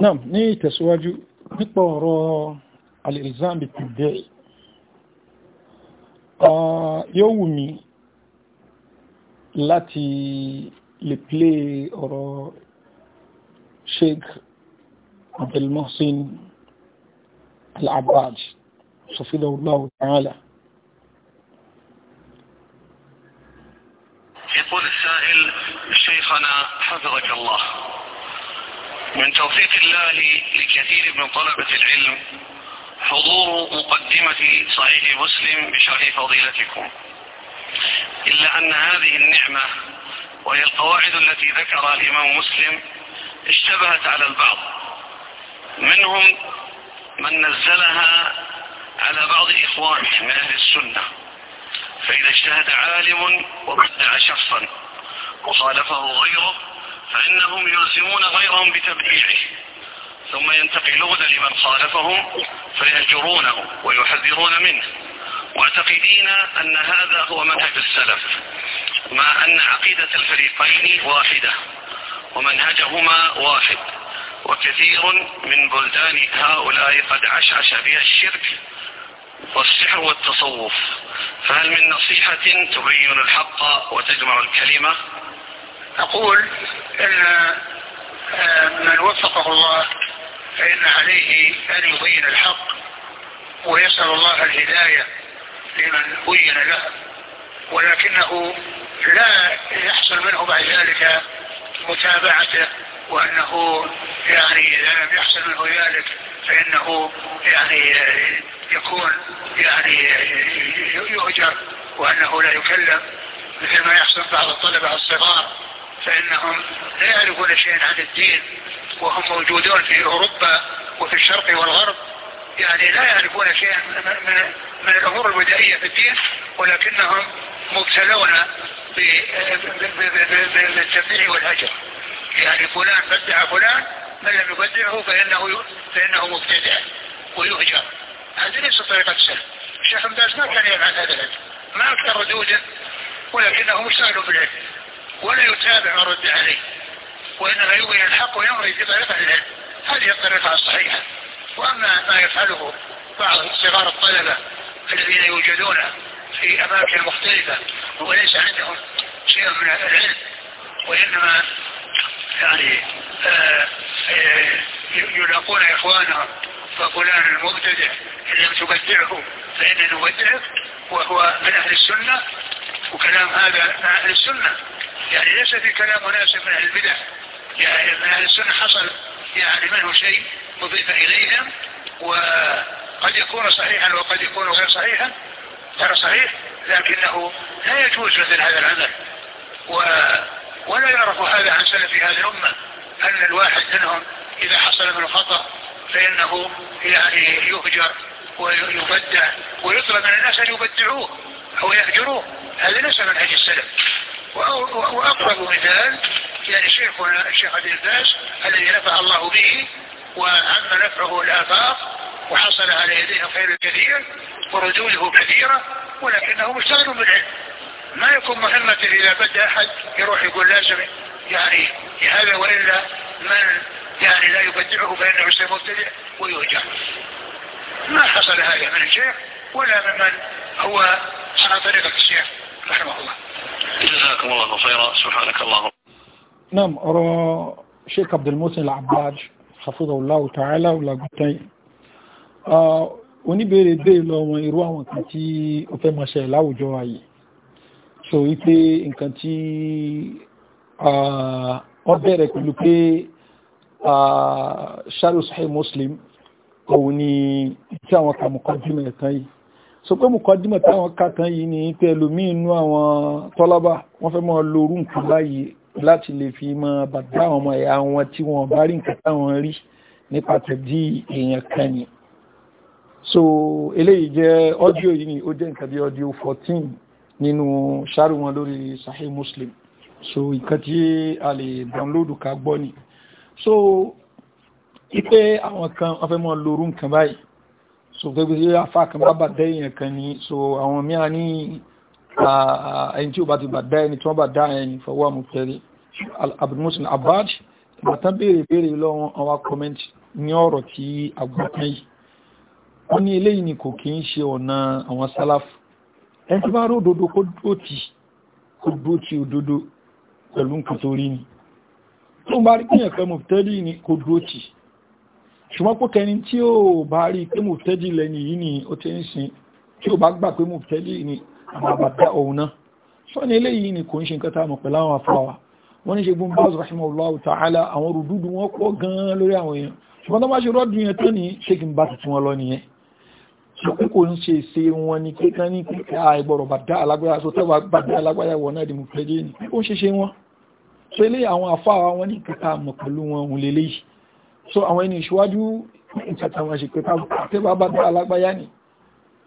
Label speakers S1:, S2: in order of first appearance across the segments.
S1: نعم ني تسواج بطور الالزام بالتبع ا آه، يومي لاتي لي بلاي اور شيخ عبد المحسن العباج صفيده الله تعالى
S2: يقول السائل شيخنا حفظك الله من توفيق الله لكثير من طلبة العلم حضور مقدمة صحيح مسلم بشرح فضيلتكم إلا أن هذه النعمة وهي القواعد التي ذكرها الإمام مسلم اشتبهت على البعض منهم من نزلها على بعض إخوانه من أهل السنة فإذا اجتهد عالم وبدع شخصا وخالفه غيره فإنهم يلزمون غيرهم بتبديعه ثم ينتقلون لمن خالفهم فيهجرونه ويحذرون منه معتقدين أن هذا هو منهج السلف مع أن عقيدة الفريقين واحدة ومنهجهما واحد وكثير من بلدان هؤلاء قد عشعش بها الشرك والسحر والتصوف فهل من نصيحة تبين الحق وتجمع الكلمة أقول ان
S3: آه، من وفقه الله فان عليه ان يبين الحق ويسأل الله الهداية لمن بين له ولكنه لا يحصل منه بعد ذلك متابعته وأنه يعني إذا لم يحصل منه ذلك فإنه يعني يكون يعني يؤجر وأنه لا يكلم مثل ما يحصل بعض الطلبة الصغار فإنهم لا يعرفون شيئا عن الدين وهم موجودون في أوروبا وفي الشرق والغرب يعني لا يعرفون شيئا من, من الأمور البدائية في الدين ولكنهم مبتلون بالتبديع والهجر يعني فلان بدع فلان من لم يبدعه فإنه, فإنه مبتدع ويهجر هذه ليست طريقة السلف الشيخ باز ما كان يفعل هذا العلم ما أكثر ردودا ولكنه مشتغل في العلم ولا يتابع ما رد عليه وإنما يبين الحق ويمضي في طريقة العلم هذه الطريقة الصحيحة وأما ما يفعله بعض صغار الطلبة الذين يوجدون في أماكن مختلفة وليس عندهم شيء من العلم وإنما يعني آه، آه، يلاقون إخوانهم فقلان المبتدع إن لم تبدعه فإن نبدعك وهو من أهل السنة وكلام هذا من أهل السنة يعني ليس في كلام ناس من اهل البدع يعني من اهل السنه حصل يعني منه شيء مضيف اليهم وقد يكون صحيحا وقد يكون غير صحيحا غير صحيح لكنه لا يجوز مثل هذا العمل و ولا يعرف هذا عن سلف هذه الامه ان الواحد منهم اذا حصل منه خطا فانه يعني يهجر ويبدع ويطلب من الناس ان يبدعوه او يهجروه هذا ليس منهج السلف وأقرب مثال يعني شيخنا الشيخ عبد الباس الذي نفع الله به وعم نفعه الآفاق وحصل على يديه خير كثير وردوده كثيرة ولكنه مشتغل بالعلم ما يكون مهمة إذا بدأ أحد يروح يقول لازم يعني هذا وإلا من يعني لا يبدعه فإنه مبتدع ويهجع ما حصل هذا من الشيخ ولا ممن هو على طريقة الشيخ رحمه الله
S2: جزاكم الله خيرا سبحانك الله
S1: نعم أرى شيخ عبد المحسن العباج حفظه الله تعالى ولا قلتين oníbèrè bèèrè lọ wọn irú àwọn kan tí ó fẹ́ máa ṣẹlẹ̀ láwùjọ ayé so wípé nǹkan tí ó bẹ̀rẹ̀ pẹ̀lú pé ṣáàrùsáì muslim òun ni tí àwọn kàmùkọ́ jùmọ̀ ẹ̀kan yìí so pé mùkọ́dímọ̀ táwọn kàtàn yìí ní pé ẹlòmí inú àwọn tọ́lábà wọ́n fẹ́ máa lórú nǹkan báyìí láti lè fi mọ bàbá àwọn ọmọ ẹ̀yà wọn tí wọ́n bá rí nǹkan táwọn rí nípa tẹ̀dí èèyàn kan ni so eléyìí jẹ́ ọ́díò yìí ni ó jẹ́ nǹkan bí ọ́díò 14 nínú ṣáàrù wọn lórí Sahih Muslim so nǹkan tí a lè dánlódù ká gbọ́ ni so ipe àwọn kan wọ́n fẹ́ máa lórú nǹkan báyìí so gẹ́gẹ́ bí afá kan bá bàdá èèyàn kan ni so àwọn mìíràn ní ẹni tí ó bá ti bàdá ẹni tí wọ́n bàdá ẹni fọwọ́ àmúfẹ́rí abdulmusin abaj ìbátan béèrè béèrè lọ́wọ́ àwọn kọ́mẹ́ntì ní ọ̀rọ̀ tí agbọ́pẹ́ yìí wọ́n ní eléyìí ni kò kí ń ṣe ọ̀nà àwọn sálàfù ẹni tí bá rí òdodo kó dúró ti kó dúró ti òdodo pẹ̀lú nǹkan tó rí ni tó ń bá rí pínyàn kan mọ̀fẹ́rí ni kó dúró ti ṣùgbọ́n pé kẹni tí ó bá rí pé mò tẹ́jì lẹ́ni yìí ni ó ti ń sin tí ó bá gbà pé mò tẹ́jì ni àbàbàtà òun náà sọ ni eléyìí ni kò ń ṣe nǹkan tá pẹ̀lú àwọn afáwa wọ́n ní ṣe gbọ́n bá rahimahullahu ta'ala àwọn rùdúdú gan-an lórí àwọn èèyàn ṣùgbọ́n tó bá ṣe rọ́dù yẹn tán ní ṣé kí n bá tuntun wọn lọ nìyẹn sọ pé kò ń ṣe ṣe wọn ni kíkan ní kíkà ìgbọ̀rọ̀ bàdá alágbára sọ tẹ́wà bàdá alágbára so àwọn ẹni ìṣíwájú ìtàtà wọn ṣe pé tẹ́bà bá dá alágbáyá ni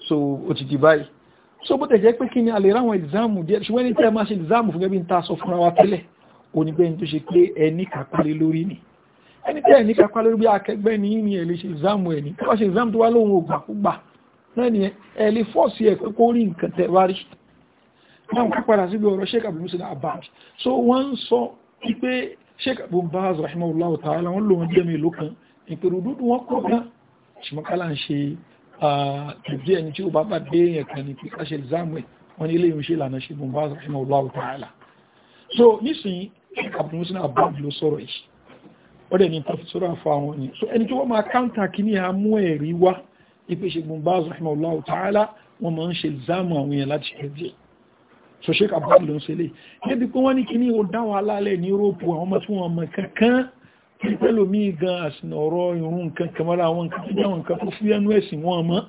S1: so ó ti di báyìí so bó tẹ̀jẹ́ pé kí ni a lè ráwọn ìzáàmù díẹ̀ ṣùgbọ́n ní tẹ́ máa ṣe ìzáàmù fún gẹ́bí ń ta sọ fúnra wa tẹ́lẹ̀ onígbẹ́ni tó ṣe pé ẹni kàpálé lórí ni ẹni ni ẹ lè fọ́ọ̀sì ẹ̀ pé kó rí nǹkan tẹ́ wá rí náà wọ́n so wọ́n sheik abubuwa rahimahullahu ta'ala wọ́n lò wọ́n jẹ́ mi lókan ìpèrò dúdú wọ́n kọ́ gan ṣùgbọ́nkálà ń ṣe ìdí ẹni tí ó bá bá dé èèyàn kan ní pípa ṣe ìzámù ẹ̀ wọ́n ní ilé ìrìnṣẹ́ ìlànà ṣe bùnbá rahimahullahu ta'ala so nísìnyí abdulmusin abdul ló sọ̀rọ̀ yìí ó dẹ̀ ní pàfẹ́sọ́rọ̀ àfọ àwọn ni so ẹni tí wọ́n máa káńtà kí ní àmú ẹ̀rí wá ìpèsè bùnbá rahimahullahu ta'ala wọ́n máa ń ṣe ìzámù àwọn èèyàn láti ẹ̀dẹ́ so sheik abdul ló ń ṣe lè níbi pé wọ́n ní kí ní o dáwọn alálẹ̀ ní europe àwọn ọmọ tí wọ́n mọ̀ kankan pẹ̀lómi gan àsìnà ọ̀rọ̀ irun nǹkan kẹmọ́ra àwọn nǹkan tó dáwọn nǹkan tó fúyẹ́ nú ẹ̀sìn wọn mọ́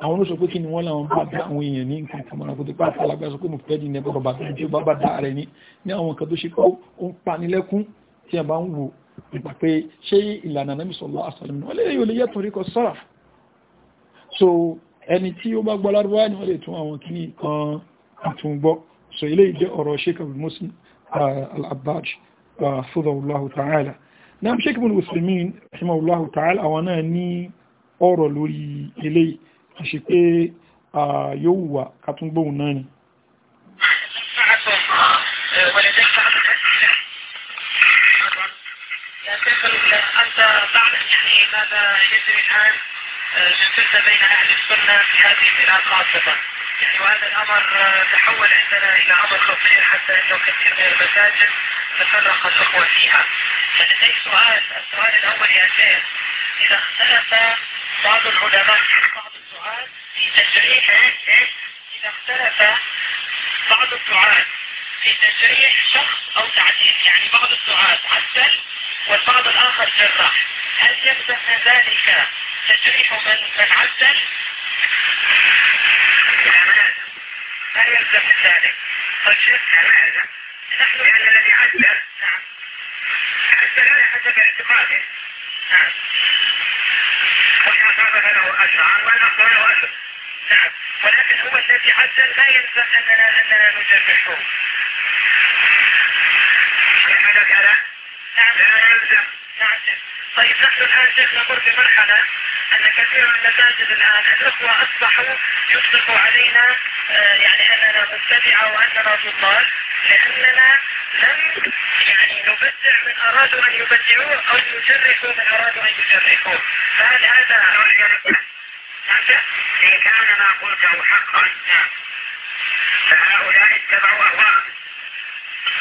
S1: àwọn ló pé kí ni wọ́n láwọn bá dá àwọn èèyàn ní nǹkan kẹmọ́ra kó tó pá àtàlágbà sọ pé mo fẹ́ dì nẹ́bọ̀ bàbá tó bá bá dá rẹ̀ ní ní àwọn nǹkan tó ṣe pé ó ń panilẹ́kún tí a bá ń wò nípa pé ṣé ìlànà náà sọ̀lọ́ àsọ̀lẹ́mì wọ́n lè yóò lè yẹ́ torí kọ sọ́ra so ẹni tí ó bá gbọ́ ni wọ́n lè tún àwọn kìíní kan أتوم بق سيلي جأر شيك المسلم آه، العباج فضه آه، الله تعالى نعم شيك أبو المسلمين رحمه الله تعالى وانا ني أورو لولي إلي شيك آه، يوو أتوم ناني
S4: ولذلك أنت بعد يعني ماذا يجري الآن جنسلت بين أهل السنة في هذه الأوقات يعني وهذا الأمر آه، تحول عندنا إلى أمر خطير حتى أنه كثير من المساجد تفرق الأخوة فيها فلدي سؤال السؤال الأول يا شيخ إذا اختلف بعض العلماء بعض الدعاة في تشريح إذا اختلف بعض الدعاة في تشريح شخص أو تعديل يعني بعض الدعاة عدل والبعض الآخر جرح هل يلزم ذلك تشريح من من عدل لا يلزم ذلك قد شفنا يلزم، نحن لأن الذي عدل نعم عدل على حسب اعتقاده نعم وإن أصاب له أجر وإن أخطأ له أجر نعم ولكن هو الذي عدل لا يلزم أننا أننا نجرحه هذا كلام نعم لا يلزم نعم طيب نحن الآن شيخ نمر بمرحلة أن كثير من المساجد الآن الإخوة أصبحوا يطلقوا علينا آه، يعني أننا متبعة وأننا ضلال لأننا لم يعني نبدع من أرادوا أن يبدعوه أو يجرحوا من أرادوا أن يجرحوا فهل هذا نعم. إن كان ما قلته حقا نعم. فهؤلاء اتبعوا أهواءهم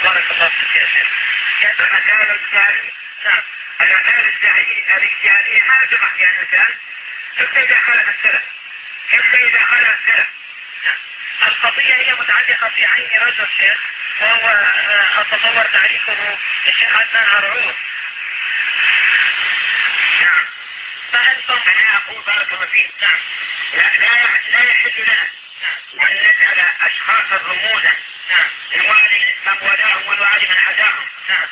S4: بارك الله فيك يا شيخ مكان الثاني نعم الأفعال الاجتهادية ما جمعت فيها الإنسان إلا إذا خالف السلف إلا إذا خالف السلف القضية هي متعلقة في عين رجل شيخ وهو آه، أتصور تعريفه الشيخ عدنان هرعون نعم فهل أنا أقول بارك الله فيك نعم لا لا لا يحل لنا نعم. أن نسأل أشخاصا رموزا نعم من من ولاهم والوالي من عداهم نعم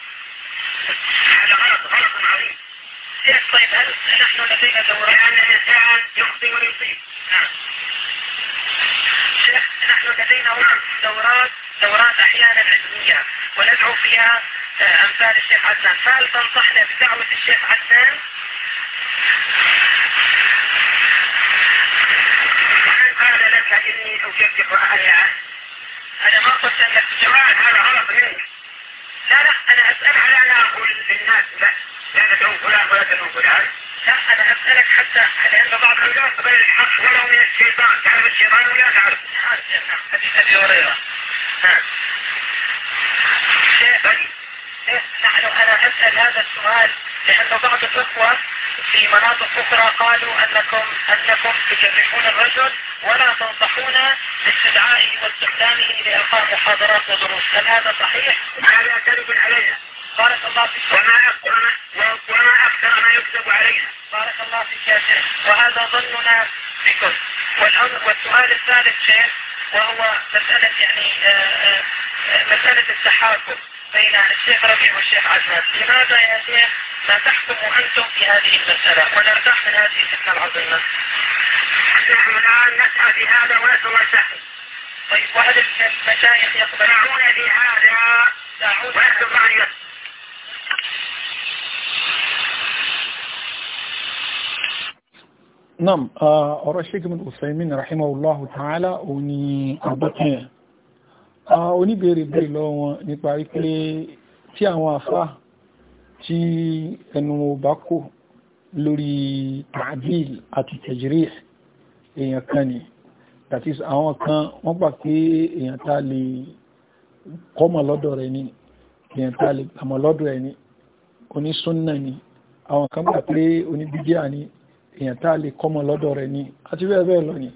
S4: هذا غلط غلط عظيم إيه، طيب هل نحن لدينا دورات يعني الإنسان يخطي ويصيب نعم شيخ نحن لدينا دورات دورات أحيانا علمية وندعو فيها آه، أمثال الشيخ عدنان فهل تنصحنا بدعوة الشيخ عدنان قال لك إني أكفر أهلها أنا ما قلت أنك جماعة هذا غلط منك لا أنا أسأل على أن أقول للناس لا لا تدعو فلان ولا تدعو فلان لا أنا أسألك حتى لأن بعض الرجال قبل الحق ولو من الشيطان تعرف الشيطان ولا تعرف حديث أبي هريرة نحن أنا أسأل هذا السؤال لأن بعض الإخوة في مناطق أخرى قالوا أنكم أنكم تجرحون الرجل ولا تنصحون باستدعائه واستخدامه لإلقاء محاضرات ودروس هل هذا صحيح؟ هذا كذب علينا بارك الله فيك وما أكثر ما وما أكثر ما يكذب علينا بارك الله فيك يا شيخ وهذا ظننا بكم والأمر والسؤال الثالث شيخ وهو مسألة يعني آه، آه، مسألة التحاكم بين الشيخ ربيع والشيخ عجمان لماذا يا شيخ فتحكموا أنتم في هذه المسألة ونرتاح من هذه الفتنة العظيمة نحن الآن نسعى في هذا ونسأل الله طيب وهل المشايخ يقبلون في هذا
S2: ونسأل الله أن نعم
S1: آه، أرى الشيخ mọ̀ أسيمين رحمه الله تعالى ní àbọ̀kẹ́ oníbèèrè bèèrè lọ́wọ́ nípa wípé tí àwọn àfáà tí ẹnu ọba kò lórí tàbíl àti tajrih èèyàn kan ni that is àwọn kan wọ́n gbà pé èèyàn tá lè kọ́mọ̀ lọ́dọ̀ rẹ̀ ni èèyàn tá lè gbàmọ̀ lọ́dọ̀ ẹni onísúnnà ni àwọn kan gbà pé oníbídíà ni èèyàn tá lè kọ́mọ̀ lọ́dọ̀ rẹ̀ ni àti bẹ́ẹ̀ bẹ́ẹ̀ lọ ni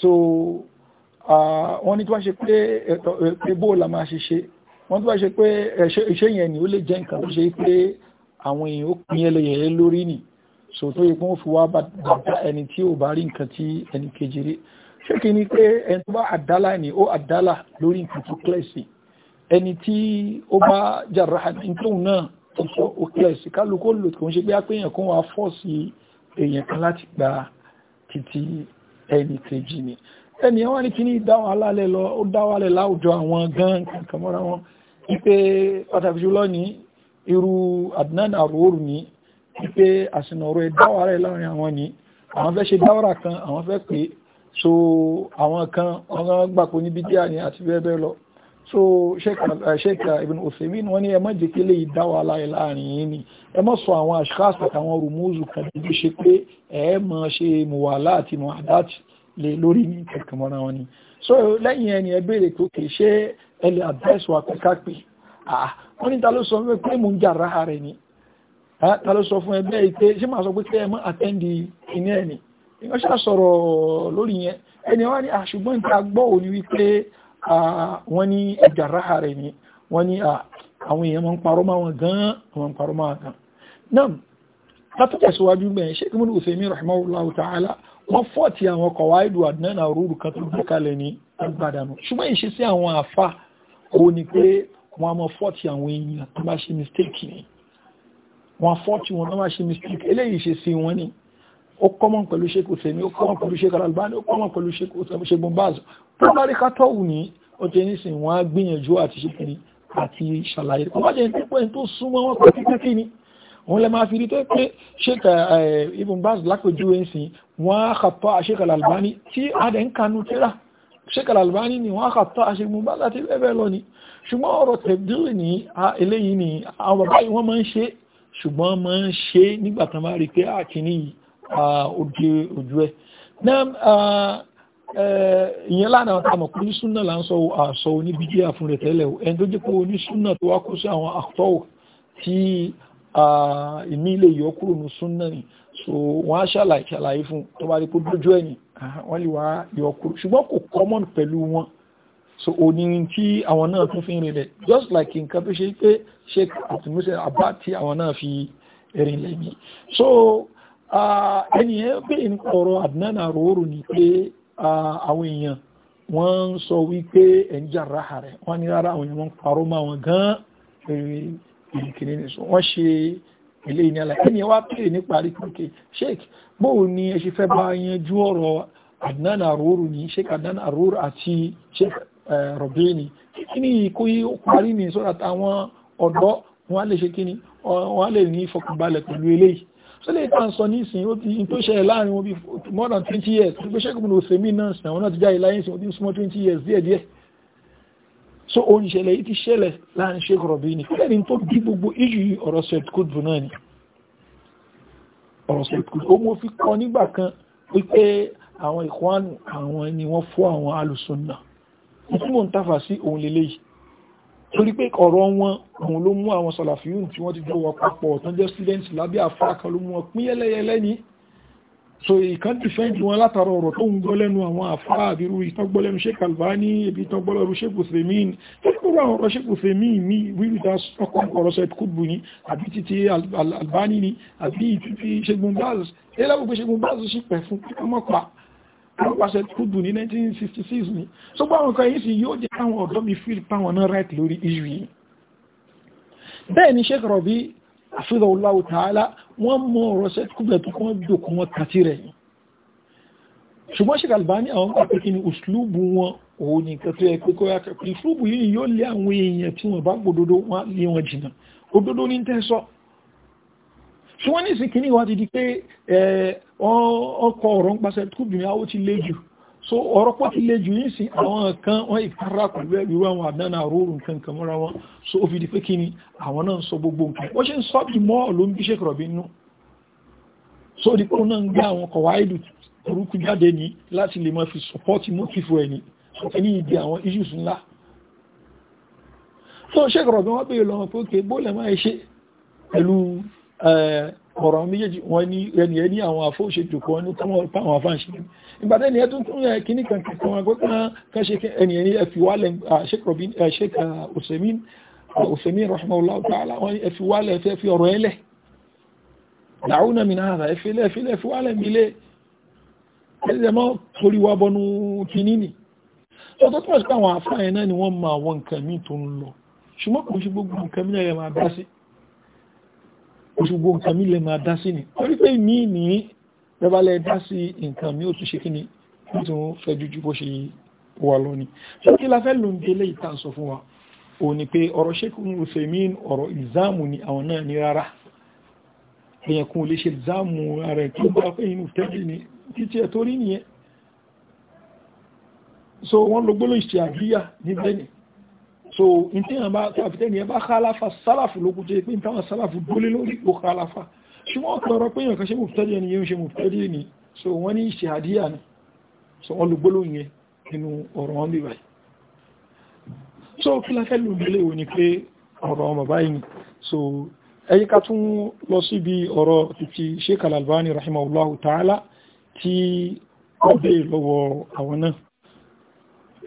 S1: so wọ́n ní tí wọ́n ṣe pé bóòlà máa ṣe wọ́n tó bá ṣe pé iṣẹ́ yẹn ni ó lè jẹ́ nǹkan tó ṣe pé àwọn èèyàn ó pín ẹlẹ́yẹ lórí nì so tó yẹ pé wọ́n fi wá bàtà ẹni tí ò bá rí nǹkan tí ẹni kejì rí ṣé kí ni pé ẹni tó bá àdálà ni ó àdálà lórí nǹkan tó kílẹ̀sì ẹni tí ó bá jàrá nítòun náà tó sọ ó kílẹ̀sì kálukú lò kò ń ṣe pé apéyàn kan wà fọ́ọ̀sì èèyàn kan láti gba títí ẹni kejì ni ẹni àwọn ní kí ni dáwọ́ alálẹ̀ lọ ó dáwọ́ alẹ̀ láwùjọ àwọn gan kankan mọ́ra wọn ipe pàtàkì jùlọ ní irú Adnan Aror ní wípé àsìnà ọ̀rọ̀ ìdáwàrá láàrin àwọn ní àwọn fẹ́ ṣe dáwàrá kan àwọn fẹ́ pé so àwọn kan ọ̀rán gbàpò ní bídíà ní àti bẹ́ẹ̀bẹ́ẹ̀ lọ so Sheikh eh, Ibn Uthaymeen wọ́n ní ẹ má jẹ́ kí lè dáwàrá láàrin yìí ni ẹ má sọ àwọn ashkhas àtàwọn rùmúzù kan tó ṣe pé ẹ má ṣe muwala àti muhadat lè lórí ní kẹkẹmọ́ra wọn ni so lẹ́yìn ẹni ẹ béèrè tó ṣe ẹlẹ́ advice wa pé ká pè ah, wọ́n ní ta ló sọ fún ẹ pé mò ń jà ráha rẹ̀ ni ah, ta ló sọ fún ẹ bẹ́ẹ̀ pé ṣé màá sọ pé ẹ mọ́ àtẹ́ndì ìní ẹ̀ ni ìyẹn ṣáà sọ̀rọ̀ lórí yẹn ẹni wá ní àṣùgbọ́n ah, níta gbọ́ òní wípé wọ́n ní ẹjà ráha rẹ̀ ni wọ́n ní àwọn èèyàn máa ń parọ́ máa wọn gan-an ń parọ́ máa gan-an náà látọ̀tẹ̀síwájú bẹ́ẹ̀ ṣé kí múlù Uthaymin rahimahullahu ta'ala wọ́n fọ́ọ̀tì àwọn kọ̀wáìdù àdínà rúrù kan tó gbé kalẹ̀ ní agbádànù ṣùgbọ́n ìṣesí àwọn àfa kó ní pé wọ́n a mọ́ fọ́tí àwọn èèyàn tó bá ṣe mistake ni wọ́n fọ́tí wọn tó bá ṣe mistake eléyìí ṣe sí wọn ni ó kọ́mọ̀ pẹ̀lú ṣekú tẹ̀mí ó kọ́mọ̀ pẹ̀lú ṣekú Albani ó kọ́mọ̀ pẹ̀lú ṣegun báàzù pọ́nbáríkà tọ́wù ní ó tẹ́ nísìn wọ́n á gbìyànjú àti ṣekiri àti ṣàlàyé ọmọdé tó pẹ́ ni wọ́n lè máa fi rí tó pé eh, Sheikh Al-Albani ni wọ́n àkàtọ́ aṣegbùnbá láti bẹ́ẹ̀ lọ ni ṣùgbọ́n ọ̀rọ̀ tẹ̀bdílì ní eléyìí ni àwọn bàbá yìí wọ́n máa ń ṣe ṣùgbọ́n máa ń ṣe nígbà tán bá rí pé àkíní ah, òde ojú ẹ̀ ìyẹn lánàá wọn tàmọ̀ pé súnà là ń sọ àṣọ oníbíjí àfún rẹ̀ tẹ́lẹ̀ ẹni tó jẹ́ pé onísúnà tó wá kó sí àwọn àtọ́ tí ìmí ilé yọkúrò ní súnà ni so wọ́n á ṣàlàyé fún tó bá rí pé dójú ẹ̀yìn wọ́n lè wá yọ kúrò ṣùgbọ́n kò common pẹ̀lú wọn so òní tí àwọn náà tún fi ń just like nǹkan tó ṣe pé sheikh abdulmusin abba tí àwọn náà fi rinlẹ̀ ni so ẹni yẹn pé nǹkan ọ̀rọ̀ Adnan Aroro ni pé àwọn èèyàn wọ́n ń sọ wípé ẹ̀ń jà ráhà rẹ̀ wọ́n ní rárá àwọn èèyàn wọ́n parọ́ mọ́ àwọn gan-an kìnìún wọ́n ṣe ilé ìní àlàyé ẹni wá pè ní parí kúrúkè sheik bóò ni ẹ ṣe fẹ́ bá yanjú ọ̀rọ̀ Adnan Aruru ní sheik Adnan Aruru àti sheik Robeni kí ni kó yí parí ní sọ́dọ̀ àwọn ọ̀dọ́ wọn lè ṣe kí ni wọn lè ní ìfọkànbalẹ̀ pẹ̀lú eléyìí so lè tàn sọ nísìn ó ti tó ṣẹlẹ̀ láàrin wọn bí more than twenty years gbé sheik múlò sèmí náà sìn àwọn náà ti jáde láyé sìn ó ti súnmọ́ twenty years díẹ̀díẹ̀ so o ń ṣẹlẹ̀ yìí ti ṣẹlẹ̀ láàrin Sheikh Robini lẹ́ni tó bí gbogbo iṣu yìí ọ̀rọ̀ Said Qutb náà ni ọ̀rọ̀ Said Qutb ó mọ́ fi kọ́ nígbà kan wípé àwọn ìkwánu àwọn ni wọ́n fọ́ àwọn alùsùnà ìtumọ̀ ń tàfà sí òun lélẹ̀ yìí torí pé ọ̀rọ̀ wọn òun ló mú àwọn sàlàfíùn tí wọ́n ti jọ wọ papọ̀ ọ̀tán jẹ́ students lábẹ́ àfáà kan ló mú wọn pín yẹ́lẹ́yẹ́lẹ́ ní so ìkan dìfẹ́ǹdì wọn látara ọ̀rọ̀ tó ń gbọ́lẹ́nu àwọn àfáà àbírú ìtọ́gbọ́lẹ́nu Sheikh Albani ibi ìtọ́gbọ́lẹ́nu Sheikh Usaimin tó kúrò àwọn ọ̀rọ̀ Sheikh Usaimin ní wíwíta ọkọ̀ ọ̀rọ̀ Said Qutb ní àbí títí Albani ní àbí títí Sheikh Bin Baz elábùgbé Sheikh Bin Baz sí pẹ̀ fún ọmọpa ọmọpa Said Qutb ní 1966 ní so bá àwọn kan yìí sì yóò jẹ́ káwọn ọ̀dọ́ mi fíl páwọn náà right lórí ìṣù yìí bẹ́ẹ̀ ni Sheikh Rabi àfihàn Allahu Ta'ala wọ́n mọ́ ọ̀rọ̀ sẹ́kùnbẹ̀ tó kọ́ dòkó wọn kàtí rẹ̀ ṣùgbọ́n Sheikh Albani àwọn pàpẹ́ kí ni òṣìlúbù wọn òun ni nǹkan tó yẹ pé kó yàtọ̀ pé ìṣúlùbù yìí yóò lé àwọn èèyàn tí wọ́n bá gbòdodo wọn lé wọn jìnnà òdodo ní tẹ́sọ́ ṣùgbọ́n ní ìsìnkí ni wọ́n ti di pé ọkọ̀ ọ̀rọ̀ ń pàṣẹ kúbìnrin àwọn ti lé jù so ọ̀rọ̀ pọ̀ ti lè jù yí sí àwọn kan wọ́n ìfara pẹ̀lú ẹ̀rọ àwọn àdánà àrórùn kan mọ́ra wọn so ó fi di pé kí ni àwọn náà ń sọ gbogbo nǹkan wọ́n ṣe ń sọ bí mọ́ ló ń bí ṣe kọ̀rọ̀ bí nú so di pé ó náà ń gbé àwọn kọ̀wá ìlú orúkú jáde ní láti lè máa fi sọpọ́tì mọ́kìfù ẹni ní ìdí àwọn issues ńlá so ṣe kọ̀rọ̀ bí wọ́n bèèrè lọ́wọ́ pé ó ké bó lẹ́ máa ṣe pẹ̀lú eh, ọ̀rọ̀ méjèèjì wọ́n ní ẹni ẹni àwọn afóòṣèjòkó ní táwọn afáàṣì ìgbàdẹ́ ni ẹdún tún rẹ̀ kí ní kankan kan agbẹ́kan kan ṣe ẹni ẹni ẹfiwálẹ̀ ṣẹ́kà òsèmí rahimahullahu ta'ala wọ́n ẹfiwálẹ̀ ẹfẹ́ fi ọ̀rọ̀ ẹlẹ̀ da'una min hadha ẹfẹ́lẹ̀ ẹfẹ́lẹ̀ ẹfiwálẹ̀ mílẹ̀ ẹlẹ́mọ́ torí wa bọnu kìíní ni ọjọ́ tó pàṣẹ àwọn afáàyẹ náà ni wọ́n ṣe gbogbo nǹkan gbogbo nǹkan mi lè máa dá sí ni torí pé mi ní rẹ́bálẹ̀ dá sí nǹkan mi ó tún ṣe kí ni ó tún fẹ́ jújú bó ṣe wà lọ ni ṣé kí la fẹ́ ló ń délé ìta sọ fún wa ò ní pé ọ̀rọ̀ ṣékùn rufemin ọ̀rọ̀ ìzáàmù ni àwọn náà ní rárá èèyàn kún lè ṣe ìzáàmù ara tó bá fẹ́ inú tẹ́lẹ̀ ni títí ẹ̀ torí nìyẹn so wọ́n lo gbólóhùn ìṣe àbíyà níbẹ̀ ni so ìtẹ́yàn bá tàbítẹ́ni ẹ bá kálàfà sálàfù lókú tó yẹ pé ìtàwọn sálàfù dólé lórí ó kálàfà ṣùgbọ́n tọrọ pé èyàn kan ṣe mùfẹ́dí ẹni yóò ṣe mùfẹ́dí ẹni so wọ́n ní ìṣẹ́ àdíyà ni so wọ́n lùgbóló yẹn nínú ọ̀rọ̀ wọn bíbá so kí la fẹ́ lù délé wo báyìí so ẹyí ká tún lọ Sheikh Al-Albani rahimahullahu ta'ala tí ó bèè lọ́wọ́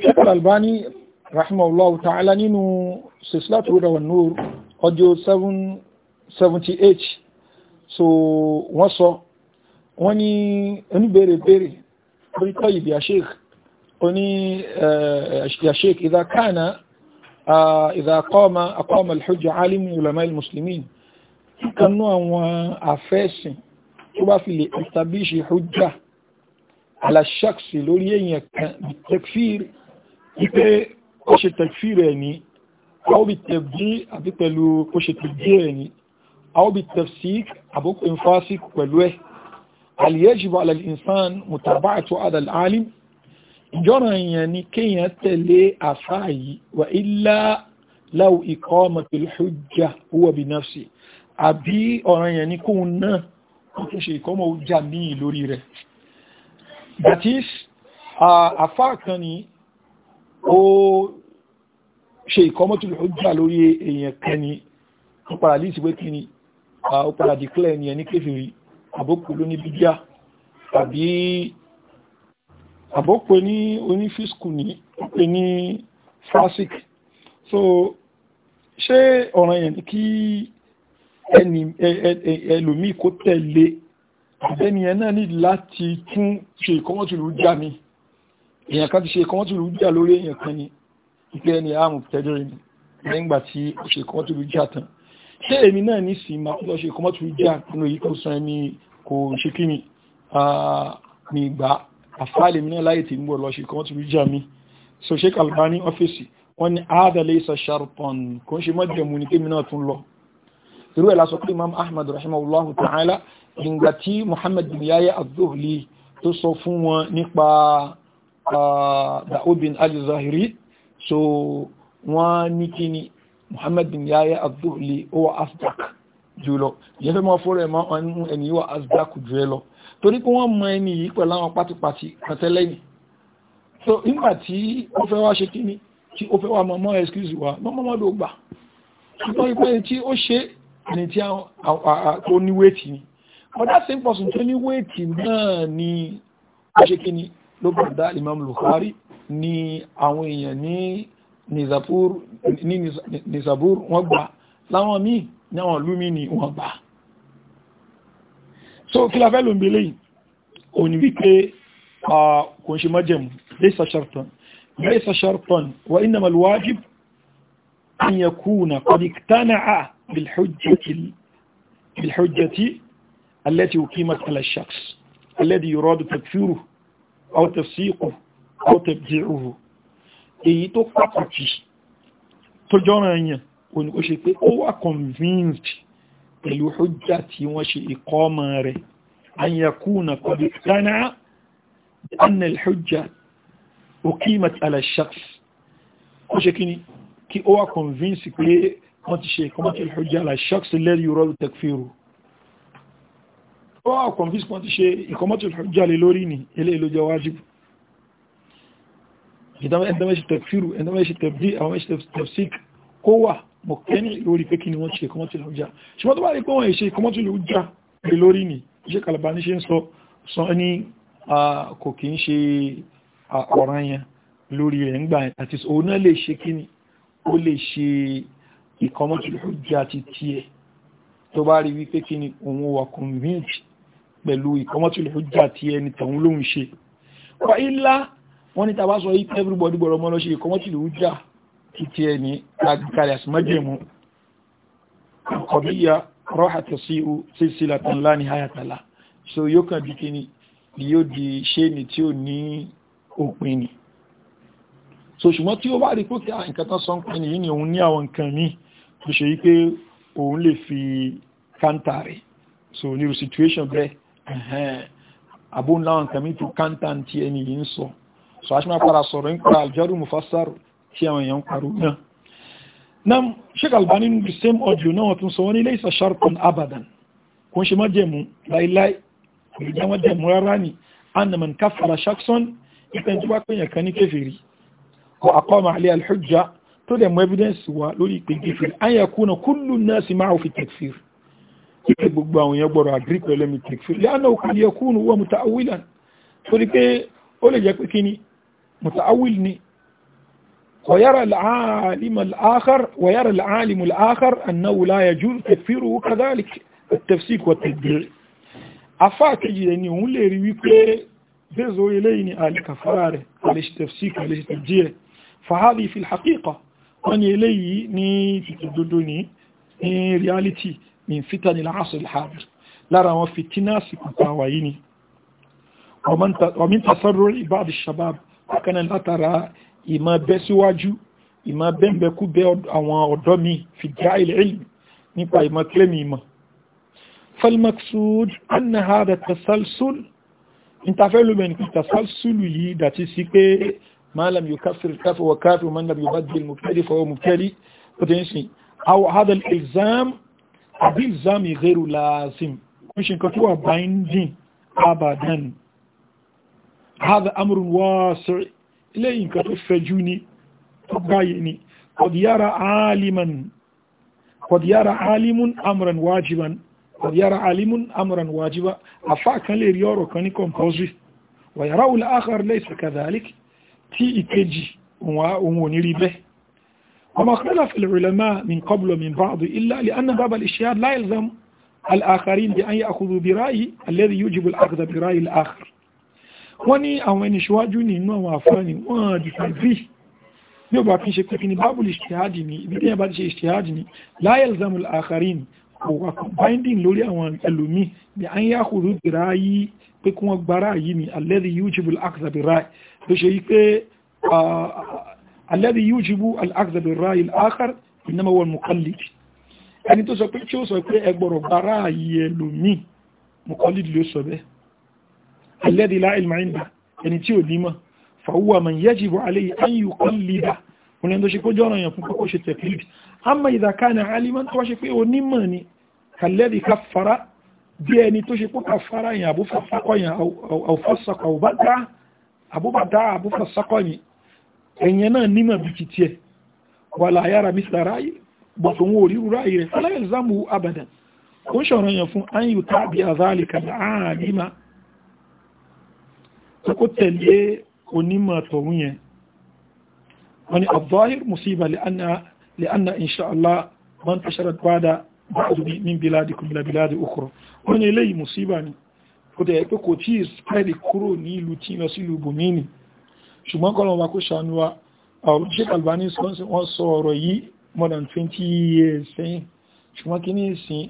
S1: Sheikh Al-Albani rahimahullahu ta'ala nínú silsilatu huda wan nur ọjọ́ 778 so wọ́n sọ wọ́n ní oníbèrèbèrè oríkọ́ ìbí àṣík oní àṣík idha kana eh, idha qama aqama al-hujja alim ulama al-muslimin kanú àwọn afẹ́sìn tó bá fi lè establish hujja ala shakhsi lórí èèyàn kan takfir ipe ó ṣe takfir ẹ̀ ní àwọ́bí tẹ̀bí àbí pẹ̀lú ó ṣe tẹ̀bí ẹ̀ ní àwọ́bí tafsik àbókò ìfásik pẹ̀lú ẹ̀ aliyajibu alal-insan mutaba'atu adal-alim ìjọ́ra èèyàn ni kéèyàn tẹ̀lé àfá yìí wà illa law iqamatul hujja huwa bi nafsi àbí ọ̀ràn èèyàn ni kóun náà ó tún ṣe ìkọ́mọ̀ jà míì lórí rẹ̀ that is àfá kan ni ó ṣe ìkọmọ́tòlù ó jà lórí èèyàn kẹni ó padà lè ìsìwé kí ni ó padà dìklẹ̀ ni ẹni kéfìrí àbókù ló ní bídíà tàbí àbókù ní onífískù ní ó ní fásik so ṣé ọ̀ràn yẹn kí ẹni ẹlòmíì kó tẹ̀lé àbẹ́ni ẹ náà ní láti tún ṣe ìkọmọ́tòlù jà mi èèyàn kan ti ṣe kọ́ wọ́n ti rújà lórí èèyàn kan ni ìpé ẹni àmù tẹ́jọ́rin lẹ́yìngbà tí ó ṣe kọ́ wọ́n ti rújà tán ṣé èmi náà ní sí ma ó ṣe kọ́ wọ́n ti nínú yìí kò ẹni kò ṣe kí ni mi gbà àfáàlì mi náà láyé tí ń bọ̀ lọ ṣe kọ́ wọ́n ti mi so ṣe Albani ọ́fíìsì wọ́n ní àádọ́lẹ̀ ìsà sharpon kò ń ṣe mọ́jẹ̀mú ni kémi náà tún lọ irú ẹ̀ lásọ pé Imam Ahmad rahimahullahu ta'ala ìgbà Da'ud bin Ali Zahiri so wọ́n ní kí ni Muhammad bin Yahya Abdullahi ó wà asdak jùlọ yẹn fẹ́ máa fọ́rọ̀ ẹ̀ máa ń ẹni wà asdak jù ẹ lọ torí pé wọ́n mọ ẹni yìí pẹ̀lú àwọn pátipàti kọtẹ́lẹ́yìn so nígbà tí ó fẹ́ wá ṣe kí ni tí ó fẹ́ wá excuse wa mọ́ mọ́mọ́dọ̀ gbà ṣùgbọ́n ìpẹ́ tí ó ṣe ẹni tí ó ní wéètì ni but that same person tó ní wéètì náà ni ó ṣe kí ló bá dá Imam Bukhari ní àwọn èèyàn ní Nizabur wọ́n gbà láwọn míì ní àwọn lúmí ni wọ́n gbà so kí la fẹ́ ló ń belé ò ní wípé kò ń ṣe mọ́jẹ̀mù laysa shartan laysa shartan wa innama al-wajib أن يكون قد اقتنع بالحجة, بالحجة التي أقيمت على الشخص الذي يراد تكفيره أو تفسيقه أو تبديعه èyí tó pàtàkì tó jọ́nà yẹn òní kó ṣe pé ó wà convinced pẹ̀lú hujja tí wọ́n ṣe ìkọ́mọ̀ rẹ̀ an yakuna qad iqtana'a bi anna al-hujja uqimat ala ash-shakhs ó ṣe wọ́n wà confuse kan ti ṣe ìkọmọ́tò ìjàlè lórí ní ilé ìlú jẹ́ wájìbù ìdámẹ́ṣì tẹ̀fíru ìdámẹ́ṣì tẹ̀bí àwọn ẹ̀ṣì tẹ̀fsík kó wà mọ̀ kẹ́ni lórí pé kí ni wọ́n ṣe ìkọmọ́tò ìjà ṣùgbọ́n tó bá rí pé wọ́n ṣe ìkọmọ́tò ìjà lórí ní iṣẹ́ kalaba ní ṣe ń sọ sọ ní kò kí ń ṣe ọ̀ràn yẹn lórí rẹ̀ ń gbà yẹn àti òun náà lè ṣe ni ó lè ṣe ìkọmọ́tò ìjà ti tiẹ̀ tó bá rí wípé kí ni òun wà convinced pẹ̀lú ìkọmọ́tìlú hujja tí ẹni tọ̀hún lóhun ṣe wà ilá wọ́n everybody gbọ́rọ̀ mọ́ lọ ṣe ìkọmọ́tìlú hujja tí ti ẹni agbákalẹ̀ u sí sílà tán láni so yóò kàn ni yóò di ṣé ni tí ó ní òpin ni so ṣùgbọ́n tí ó bá rí pókè nǹkan tán sọ ń pè ní òun ní àwọn nǹkan míì tó ṣe yí pé òun lè fi káńtà rẹ̀ so nírú situation bẹ́ẹ̀ abó ńlá wọn kàmí tó káńtà tí ẹni yìí ń sọ so a ṣe máa para sọ̀rọ̀ ń pa aljaru mufassar tí àwọn èèyàn parú náà nam sheik albani ní the same audio náà wọ́n tún sọ wọ́n ní laysa shartun abadan kò ń ṣe má jẹ̀mú láíláí kò lè jẹ́ wọ́n jẹ̀mú rárá ni anna kafara shakhsan ìpẹ́ tó bá pèèyàn kan ní kèfèrí kò aqama alayhi al evidence wa lórí ìpè kèfèrí an yakuna kullu nasi ma'ahu fi kí gbogbo àwọn yẹn gbọ́rọ̀ agri pẹ̀lú mi tẹ̀kí fún lẹ́nà òkú yẹ kúrò wọ́n mú ta'awilan torí pé ó lè jẹ́ pé kí ni mú ta'awil ni wàyára al'alimu al'akar annahu la yaju tafsiru kadhalik at-tafsir wa tadbir afa kejì ni òun lè rí wípé bẹ́ẹ̀ zo min fitani al-asr al-hadir lára àwọn fitina àsìkò tá a wà yìí ni wa min tasarrur ba'd ash-shabab akana látara ìmọ̀ bẹ́ síwájú ìmọ̀ bẹ́ẹ̀bẹ́kú bẹ́ àwọn ọ̀dọ́ mi fi da'il ilm nípa ìmọ̀ kílẹ̀mì ìmọ̀ falmaksud anna hada tasalsul intafẹ́lú mẹ́rin kí tasalsulu yìí dàti sí pé malam yukaffir kafa wa kafi man lam yubaddil mubtadi fa huwa mubtadi potensi aw hada al-ilzam àbí ìzámi ìrẹ́rù láàásìm kò ṣe nǹkan tí wà binding abadan hada amrun wasi ilé nǹkan tó fẹjú ní tó gbáyé ni kọ̀díyára aliman kọ̀díyára alimun amran wajiban kọ̀díyára alimun amran wajiba afá kan lè rí ọ̀rọ̀ kan ní compulsory wà yàrá ul akhar laysa kadhalik tí ìkejì وما خلف العلماء من قبل ومن بعض إلا لأن باب الإشهاد لا يلزم الآخرين بأن يأخذوا برأي الذي يجب الأخذ برأي الآخر واني أو أني شواء جوني نوا وافاني واجي فانفي يبا كنش كفيني باب الإشهادني بدي أبادش إشهادني لا يلزم الآخرين وقبائندين لولي أوان ألومي بأن يأخذوا برأي بكم أكبرأي الذي يجب الأخذ برأي بشيك alladhi yujibu al-akhdha bir-ra'yi al-akhar innama huwa al-muqallid ẹni tó sọ pé tí ó sọ pé ẹgbọ̀rọ̀ bára ayé ẹlòmí muqallid ló sọ bẹ́ alladhi la ilma inda ẹni tí ò nímọ̀ fa huwa man yajibu alayhi an yuqallida òun tó ṣe kó jọ́ràn yàn fún kókó ṣe tẹ̀klid amma idha kana aliman tó wá ṣe pé onímọ̀ ni kalladhi kaffara bí ẹni tó ṣe pọ́ta fara yàn àbúfàsákọ̀ yàn àwòfàsákọ̀ àbúbàdá àbúfàsákọ̀ yàn ẹ̀yẹn náà nímọ̀ bí ti tiẹ̀ wà láyára mr ráyè bọ̀tún wọn orí ráyè rẹ̀ fẹ́lẹ́ ìzámù abadan ó ń ṣọ̀rọ̀ yẹn fún áyù tàbí àzáàlì kàlà àmìmá tó kó tẹ̀lé onímọ̀ tọ̀hún yẹn wọ́n ni abdulhir musiba lè anna inṣàlá man tashara bada ba'adu min biladi kun biladi ukhra wọ́n ni eléyìí musiba ni kò ìlú tí lọ sí ìlú bòmínì ṣùgbọ́n kọ́lọ̀ wa kó ṣàánú wa àwọn Sheikh Albani wọ́n sọ ọ̀rọ̀ yìí more than 20 years sẹ́yìn ṣùgbọ́n kí ní ìsìn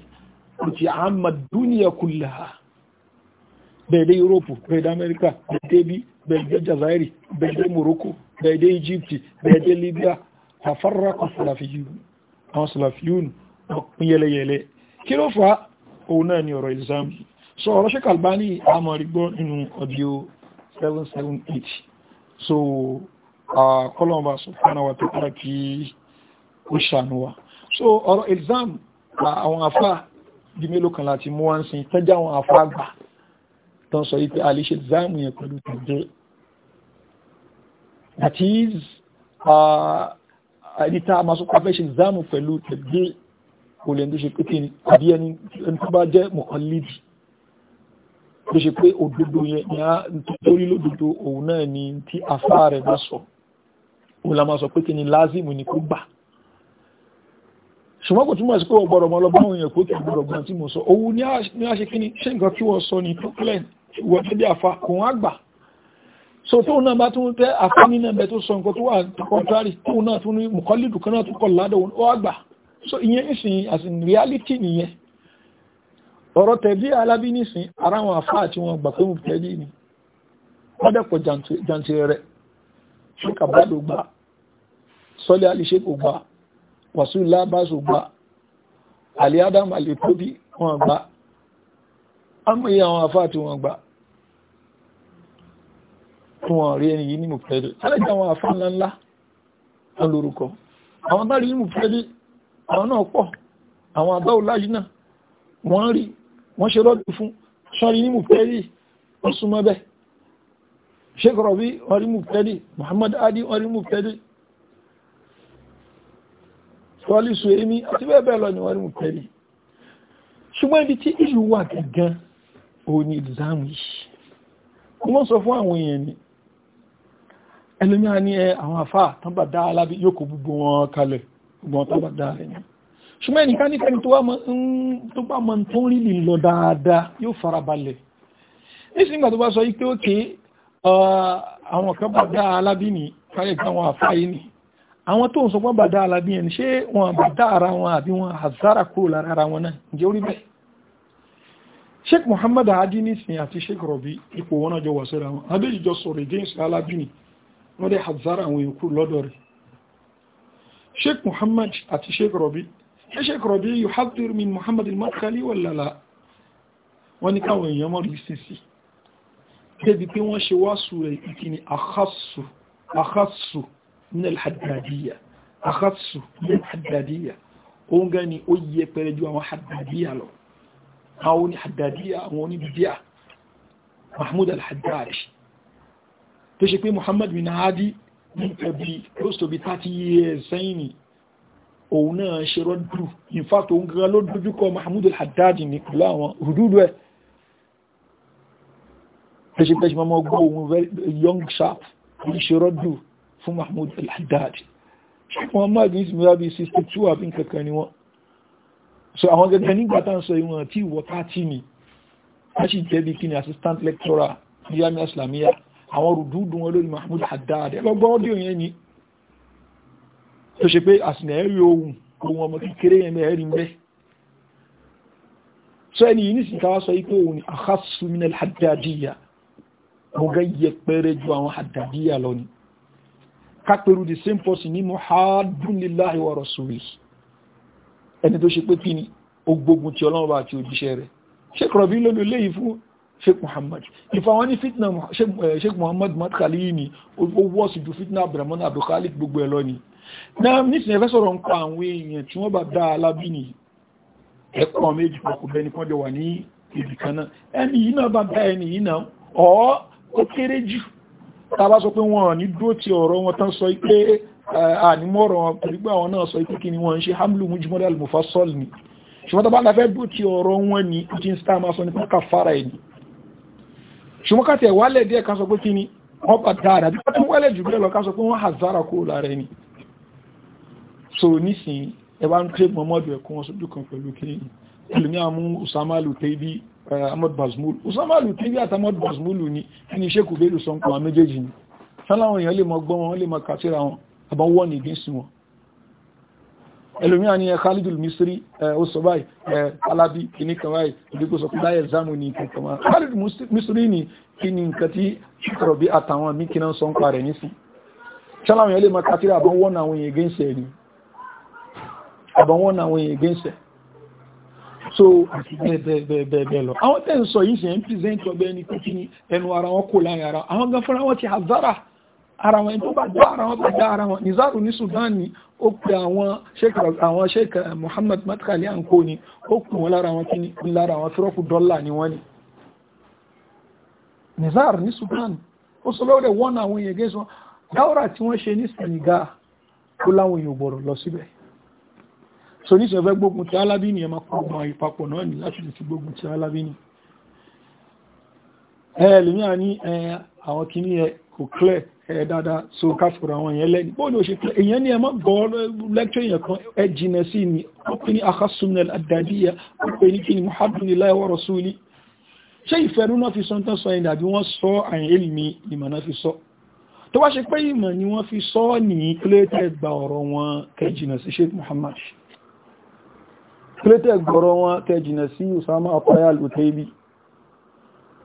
S1: kò ti àmà dúnìyà kullaha bẹ̀ẹ̀dẹ̀ Europe bẹ̀ẹ̀dẹ̀ America bẹ̀ẹ̀dẹ̀ bí bẹ̀ẹ̀dẹ̀ Jazairi bẹ̀ẹ̀dẹ̀ Morocco bẹ̀ẹ̀dẹ̀ Egypt bẹ̀ẹ̀dẹ̀ Libya tafarraqa salafiyun àwọn salafiyun ọkùn yẹlẹyẹlẹ kí ló fa òun náà ni ọ̀rọ̀ ìlzam sọ ọ̀rọ̀ Sheikh Albani àmọ̀ rí gbọ́ 778 so uh, kọ́lọ̀ọ̀bá subhanahu wa ta'ala kí ó ṣàánú wa so ọ̀rọ̀ exam àwọn afá di mélòó kan láti mú wá ń sin tẹ́jà àwọn afá gbà tán sọ wípé a lè ṣe exam yẹn pẹ̀lú tẹ̀jẹ́ that is uh, ẹ̀dítà àmásọ́ pàfẹ́ ṣe exam pẹ̀lú tẹ̀jẹ́ olè ń tó ṣe pé kí ni àbí ẹni tó bá jẹ́ mọ̀kànlídìí bó ṣe pé òdodo yẹn ní a torí lódodo òun náà ni tí afá rẹ̀ bá sọ òun la máa sọ pé kí ni lázìmù ni kó gbà ṣùgbọ́n kò túmọ̀ sí pé ọgbọ̀rọ̀ mọ́ lọ́gbọ́n òun yẹn kó kí ọgbọ̀rọ̀ tí mo sọ òun ní a ṣe kí ni ṣé nǹkan tí wọ́n sọ ní tókílẹ̀ ìwọ afá kò wọ́n so tóun náà bá tún tẹ́ afá nínú ẹ̀bẹ̀ tó sọ nǹkan tó wà kọ́ńtárì tóun náà so ìyẹn ìsìn as in reality nìyẹn ọ̀rọ̀ tẹ̀bí alábí nísìn ara wọn àfá àti wọn gbà pé mú tẹ̀lé ni wọ́n dẹ̀pọ̀ jàǹtìrẹ rẹ̀ ṣíkà bá ló gbà sọ́lẹ̀ alìṣẹ́ kò gbà wàsú lábáṣò gbà alì adam alìtóbi wọn gbà ámúyẹ àwọn àfá àti wọn gbà fún wọn rí ẹni yìí ní mú tẹ̀lé alẹ́jẹ́ àwọn àfá ńláńlá wọn lórúkọ àwọn bá rí mú tẹ̀lé àwọn náà pọ̀ àwọn àbáwò láyé náà wọ́n rí wọ́n ṣe rọ́dù fún ṣọ́rí ní mùfẹ́lì ọsúnmọ́bẹ̀ Sheikh Rabi ọrí mùfẹ́lì Muhammad Adi ọrí mùfẹ́lì sọ́lì Suemi àti bẹ́ẹ̀ bẹ́ẹ̀ lọ ni ọrí mùfẹ́lì ṣùgbọ́n ibi tí ìlú wà gangan ò ní ìdìzáàmù yìí wọ́n sọ fún àwọn èèyàn ni ṣùgbọ́n ẹnìkan ní kẹni tó bá mọ́ tó ń rí lè lọ dáadáa yóò fara balẹ̀ nísìnyìnbà tó bá sọ wípé òkè uh, àwọn kan bá dá alábí ní káyẹ̀ kan wọn àfáyé ni àwọn tó ń sọ pọ́n bá dá alábí ẹni wọn bá dá ara wọn àbí wọn àzára kúrò lára ara wọn náà ǹjẹ́ orí bẹ́ẹ̀ Sheikh Muhammad Hadi nísìnyìn àti Sheikh Rabi ipò wọn náà jọ wà síra wọn abéjìjọ sọ̀rọ̀ against alábí ni wọ́n dẹ̀ àzára àwọn èèyàn kúrò lọ́dọ̀ rẹ̀ Sheikh Muhammad àti Sheikh Rabi ṣé Sheikh Rabi yuhadir min Muhammad al-Madkhali wala la wọ́n ní káwọn èèyàn mọ́ rí sí sí débi pé wọ́n ṣe wáṣù rẹ̀ ìkíni àkásù àkásù ní al-Haddadiyya àkásù ní al-Haddadiyya òun gan ni ó yẹ pẹ̀lẹ́ ju àwọn Haddadiyya lọ àwọn ni àwọn ni close to be 30 years sẹ́yìn òun náà ṣe rọ́dùrù in òun gan ló dojúkọ mahmoud al haddadi ní pẹ̀lú àwọn rúdúdú ẹ̀ pẹ̀ṣẹ̀pẹ̀ṣẹ̀ mọ́mọ́ gbọ́ òun young sharp ń ṣe rọ́dùrù fún mahmoud al haddadi wọ́n máa gbé ìsinmi rábí 62 àbí kankan ni wọ́n so àwọn gẹ́gẹ́ nígbà tá ń sọ ìwọ̀n tí ìwọ̀ tààtì ni a sì jẹ́ bí kí ni assistant lecturer ní yamia islamiyya àwọn rúdúdú wọn lórí mahmoud al haddadi ẹgbọ́gbọ́ ọdí òyìn ni tó ṣe pé àsìnà ẹ̀rí ohun ohun ọmọ kékeré yẹn ẹ̀rí mẹ́ so ẹni yìí nísìn káwá sọ ipé òun akhasu min al-haddadiyya mo gá yẹ pẹ́rẹ ju àwọn haddadiyya lọ ni kápẹ́rù the same person ní muhaddun lillahi wa rasulihi ẹni tó ṣe pé kí ni ó gbógun ti ọlọ́run àti òjíṣẹ́ rẹ̀ sheikh rabi ló lè fún sheikh muhammad ìfàwọn ní fitna sheikh muhammad madkhali ni ó wọ́ọ̀sì ju fitna abdulrahman abdulkhalik gbogbo ẹ̀ lọ na nísìnyẹ fẹ́ sọ̀rọ̀ ń pa àwọn èèyàn tí wọ́n bá dá alábí ni ẹ̀kọ́ méjì pàkó bẹni kan jọ wà ní ibì kan náà ẹni yìí náà bá dá ẹni yìí náà ọ̀ ó kéré jù tá bá sọ pé wọ́n ní dúró ti ọ̀rọ̀ wọn tán sọ pé ànímọ̀rọ̀ pẹ̀lúgbà náà sọ pé kí ni wọ́n ń ṣe hamlu mujmọ́dá al-mufassal ni ṣùgbọ́n tó bá láfẹ́ dúró ti ọ̀rọ̀ wọn ni tí ń sáà máa sọ nípa kàfàrà ẹni ṣùgbọ́n káàtẹ̀ wálẹ̀ díẹ̀ ká sọ ni so nísìn ẹ wá ń tré Muhammadu ẹ̀kọ́ wọn sójú kan pẹ̀lú kí ẹlùmí àmú Usama Lutaibi Ahmad Bazmul Usama Lutaibi àti Ahmad Bazmul ni ẹni iṣẹ́ kò bẹ́ẹ̀lù sọ́nkọ̀ àwọn méjèèjì ni sáláwọn èèyàn lè mọ gbọ́n wọn lè mọ kàtíra wọn àbá wọ́n ní wọn ẹlòmí Misri ó Alabi kìíní kan báyìí ìdíkò sọ pé ẹ̀zámù ní Misri ni kí ni nǹkan tí ṣùkọ̀rọ̀ bí àtàwọn mí kí náà sọ ń àbáwọn àwọn èèyàn gẹ́ǹsẹ̀ so àti bẹ́ẹ̀bẹ́ẹ̀bẹ́ẹ̀ lọ àwọn tẹ́ ń sọ yìí sì ń pìzẹ́ntì ọbẹ̀ ẹni pé kí ni ẹnu ara wọn kò láàrin ara àwọn gan fúnra wọn ti hazara ara wọn tó bá dá ara wọn bá dá ara wọn nizaru ní Sudan ni ó pe àwọn sheik àwọn sheik eh, Muhammad matkali anko ni ó kù wọn lára wọn kíni lára wọn tírọ́pù dọ́là ni wọ́n ni nizaru ní Sudan ó sọ lọ́wọ́ dẹ̀ wọ́n àwọn èèyàn gẹ́sọ́ dáwọ́rà tí wọ́n ṣe ní Senegal kó láwọn èèyàn gbọ́dọ̀ lọ síbẹ̀ so ní ṣẹ̀fẹ́ gbógun ti alábíní ẹ ma kọ́ ọmọ ìpapọ̀ náà ní láti ti gbógun ti alábíní ẹ̀ẹ̀lùmí à ní àwọn kìíní ẹ kò clear ẹ dáadáa so káfùrọ̀ àwọn èèyàn lẹ́ni bóòlù òṣè clear èèyàn ní ẹ má gbọ́ lẹ́kṣọ́ èèyàn kan ni ó pè ní akásùnmẹ́l àdàdíyà ó pè ní kíni muhammadulilayi wa rasuli ṣé ìfẹ́rú náà fi sọ tán sọ ẹni tó bá ṣe pé ìmọ̀ ni wọ́n fi sọ ní kílẹ̀ gba ọ̀rọ̀ wọn kẹjìnà sí sheikh muhammad kílẹ́tẹ̀ gbọ́rọ̀ wọn kẹjìnà sí Usama apaya al-Utaibi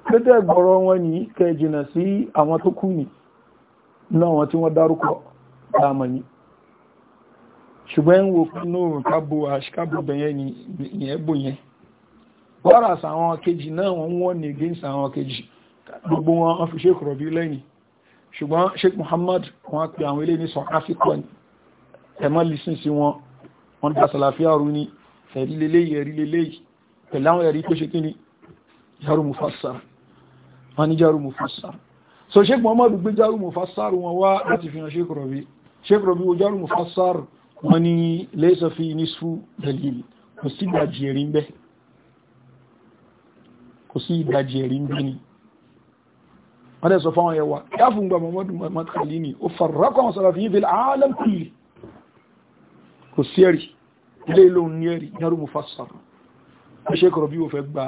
S1: kílẹ́tẹ̀ gbọ́rọ̀ wọn ní kẹjìnà sí àwọn tó kú ní náwọn tí wọ́n dárúkọ dámani ṣùgbọ́n wo kúnnú kábò àṣíkábò bẹ̀yẹ ní ẹ̀bù yẹn wọ́rà sàwọn kejì náà wọ́n Sheikh Rabi lẹ́yìn ṣùgbọ́n Sheikh Muhammad wọ́n pe àwọn ilé ní sọ áfíkọ́ ẹ̀mọ́ lísìn sí wọn wọ́n dá sàlàfíà rú ní ẹ̀rí leléyìí ẹ̀rí leléyìí pẹ̀lú àwọn ẹ̀rí tó ṣe kí ni jaru wọn ní jaru mufassar so sheik muhammadu gbé jaru mufassar wọn wá láti fi hàn sheik rọ̀bí sheik rọ̀bí wọn ní laysa fi nisfu dalil kò sí ìdajì ẹ̀rí ń bẹ kò sí ìdajì ẹ̀rí ń bẹ ni wọ́n dẹ̀ sọ fáwọn yẹwà káfùn gba muhammadu ó farrakọ̀ wọn sọ̀rọ̀ ilé ìlú ní ẹ̀rí dárú mú fásitì aṣẹ́kọ̀rọ̀ bí wọ́n fẹ́ gba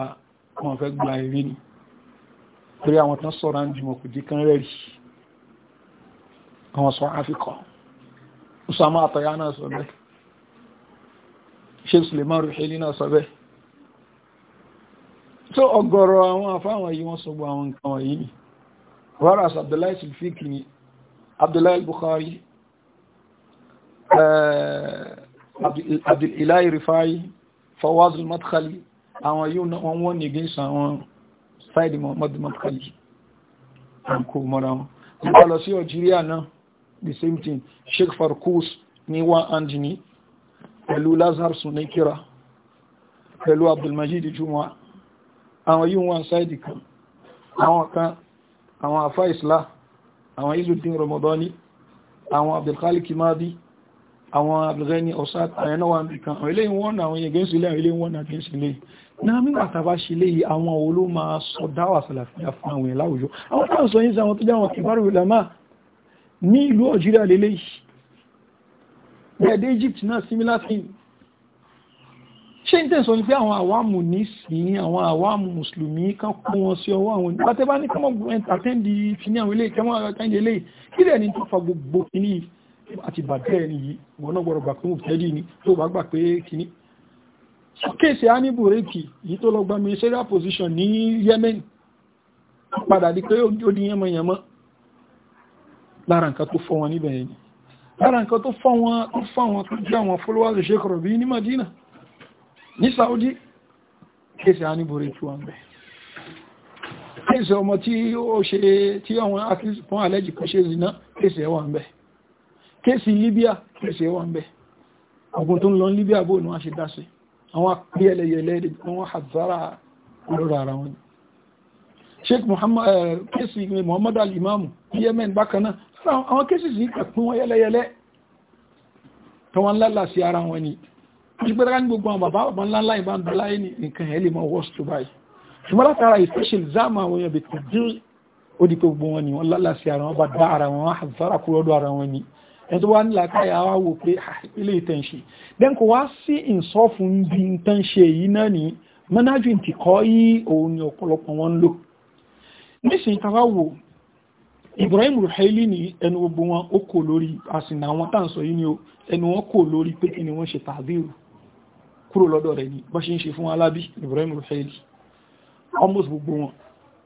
S1: wọn fẹ́ gba ẹ̀rí ni torí àwọn tán sọ̀rọ̀ ń kò jí kan rẹ̀rí àwọn sọ áfíkọ̀ Usama àtọ̀yá náà sọ bẹ́ẹ̀ Sheikh Suleiman Ruhaili náà sọ bẹ́ẹ̀ tó ọ̀gọ̀rọ̀ àwọn afáwọn yìí wọ́n sọ gbọ́ àwọn Bukhari eh, abdulilayi rifai fawazul madkhali àwọn yíò náà wọ́n wọ́n ní against àwọn side muhammadu madkhali àǹkó mọ́ra wọn nípa lọ sí algeria náà the same thing sheikh farkous ní wá andini pẹ̀lú lazar sunikira pẹ̀lú abdulmajid jumwa àwọn yíò wọ́n side kan àwọn kan àwọn afa isla àwọn izudin ramadani àwọn abdulkhalik madi àwọn abẹ́rẹ́ni ọ̀sá àyẹnáwà nìkan àwọn ilé ìwọ̀n àwọn èèyàn sílé àwọn ilé ìwọ̀n náà sílé náà mígbà tàbá sílé yìí àwọn oló máa sọ dáwà sàlàfíà fún àwọn èèyàn láwùjọ àwọn tó sọ yín sáwọn tó jáwọn kìbárù ìlàmà ní ìlú Algeria Egypt náà similar thing ṣé n tẹ̀sọ ni pé àwọn àwámù nísìnyí àwọn àwámù mùsùlùmí kan kó wọn sí ọwọ́ àwọn ìgbà tẹ́ bá ní kọ́mọ̀ àti bàbá ẹni yìí wọn náà gbọ́dọ̀ gbà pé mùtẹ́lì ni tó bá gbà pé kínní kéèsì ánìbù yìí tó lọ gba ministerial position ní Yemen padà di pé ó di yẹmọyẹmọ lára nǹkan tó fọ́ wọn níbẹ̀ yẹn lára nǹkan tó fọ́ wọn tó fọ́ wọn tó jẹ́ àwọn followers Sheikh Rabi ní Madina ní Saudi kéèsì ánìbù rèkì wọn bẹ́ẹ̀ kéèsì ọmọ tí ó ṣe tí àwọn akíkún alẹ́jì kan ṣe zina kéèsì ẹwà ń bẹ́ẹ̀ kéèsì Libya kéèsì wọ́n bẹ́ ọgbọ̀n tó ń lọ Libya bó ní wọ́n ṣe dáṣe àwọn apẹ́yẹlẹyẹlẹ wọ́n hazara lọ́rọ̀ ara wọn Sheikh eh, kéèsì Muhammad al-Imamu Yemen bákanáà àwọn kéèsì sí kàpín wọ́n yẹlẹyẹlẹ tó wọ́n lálà sí ara wọn ni ìgbẹ́ra ní gbogbo àwọn bàbá ọmọ ńláńlá ìbá ń dọ́láyé ní nǹkan ẹ̀ lè mọ́ wọ́s tó báyìí ṣùgbọ́n látara ìfẹ́ṣẹ̀lì záàmà dá ara wọn ẹ̀tọ́ wá ní làkáyà wá wò pé ah, ilé ìtẹ̀ǹṣe then kò wá sí ìsọ́fún bí n tán ṣe yìí náà ní management ti kọ́ yí òun ni ọ̀pọ̀lọpọ̀ wọn lò nísìnyí tàwa wò Ibrahim Ruhaili ni ẹnu gbogbo wọn ó kò lórí àsìnà àwọn tá à ń sọ yìí ni ó ẹnu wọn kò lórí pé kí ni wọ́n ṣe tàbíru kúrò lọ́dọ̀ rẹ̀ ni bá ṣe ń ṣe fún alábí Ibrahim Ruhaili almost gbogbo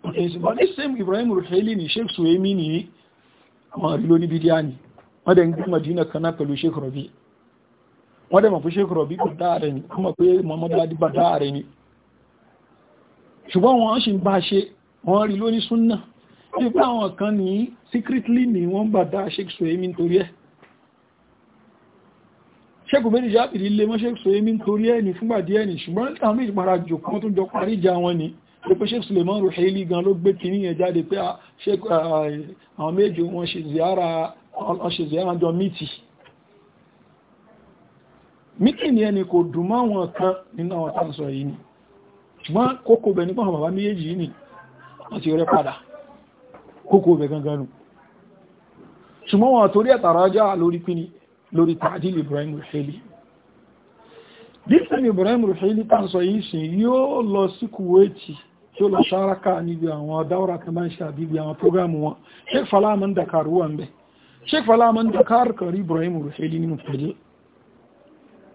S1: wọn ẹ̀sìn bá ní same Ibrahim Ruhaili ni Sheikh Suhaimi ní àwọn àrílóní bídíà ni wọ́n dẹ̀ ń gbé kana kan náà pẹ̀lú Sheikh Rabi wọ́n dẹ̀ mọ̀ pé Sheikh Rabi kò dáàrẹ̀ ni wọ́n mọ̀ pé Muhammadu Adiba dáàrẹ̀ ni ṣùgbọ́n wọ́n ṣì ń bá ṣe wọ́n rí lóní súnnà tí pé àwọn kan ní secretly ni wọ́n bá dá Sheikh Suhaimi nítorí ẹ̀ Sheikh Bẹ́ni Jábìrì lè mọ́ Sheikh Suhaimi nítorí ẹ̀ ní fúngbà díẹ̀ ni ṣùgbọ́n àwọn méjì para jò kan tó jọ parí ìjà wọn ni pé Sheikh Suleiman Ruhaili gan ló gbé kìíní yẹn jáde pé ah, ah, àwọn méjì wọ́n ṣe ziyara ọ̀ṣẹ̀ṣẹ̀ ẹ̀wọ̀n jọ mítì mítì ni ẹni kò dùn mọ́ wọn kan nínú àwọn tàbísọ̀ yìí ni ṣùgbọ́n kókò bẹ̀ nípa bàbá méjèèjì yìí ni wọ́n ti rẹ padà kókò bẹ̀ gangan nù ṣùgbọ́n wọn torí ẹ̀tàrájá lórí pín lórí tàdíl Ibrahim Ruhaili dípẹ̀ Ibrahim Ruhaili tàbísọ̀ yìí sì yóò lọ sí Kuwaiti tí ó lọ ṣáraka níbi àwọn dáwọ́ra kan bá ń ṣe àbíbi àwọn prógámù wọn ṣe fàlámù ń dàkàrú wọn bẹ́ẹ̀ sheik falaman da kárkàrí ibrahim rufaili nínú fẹ́jẹ́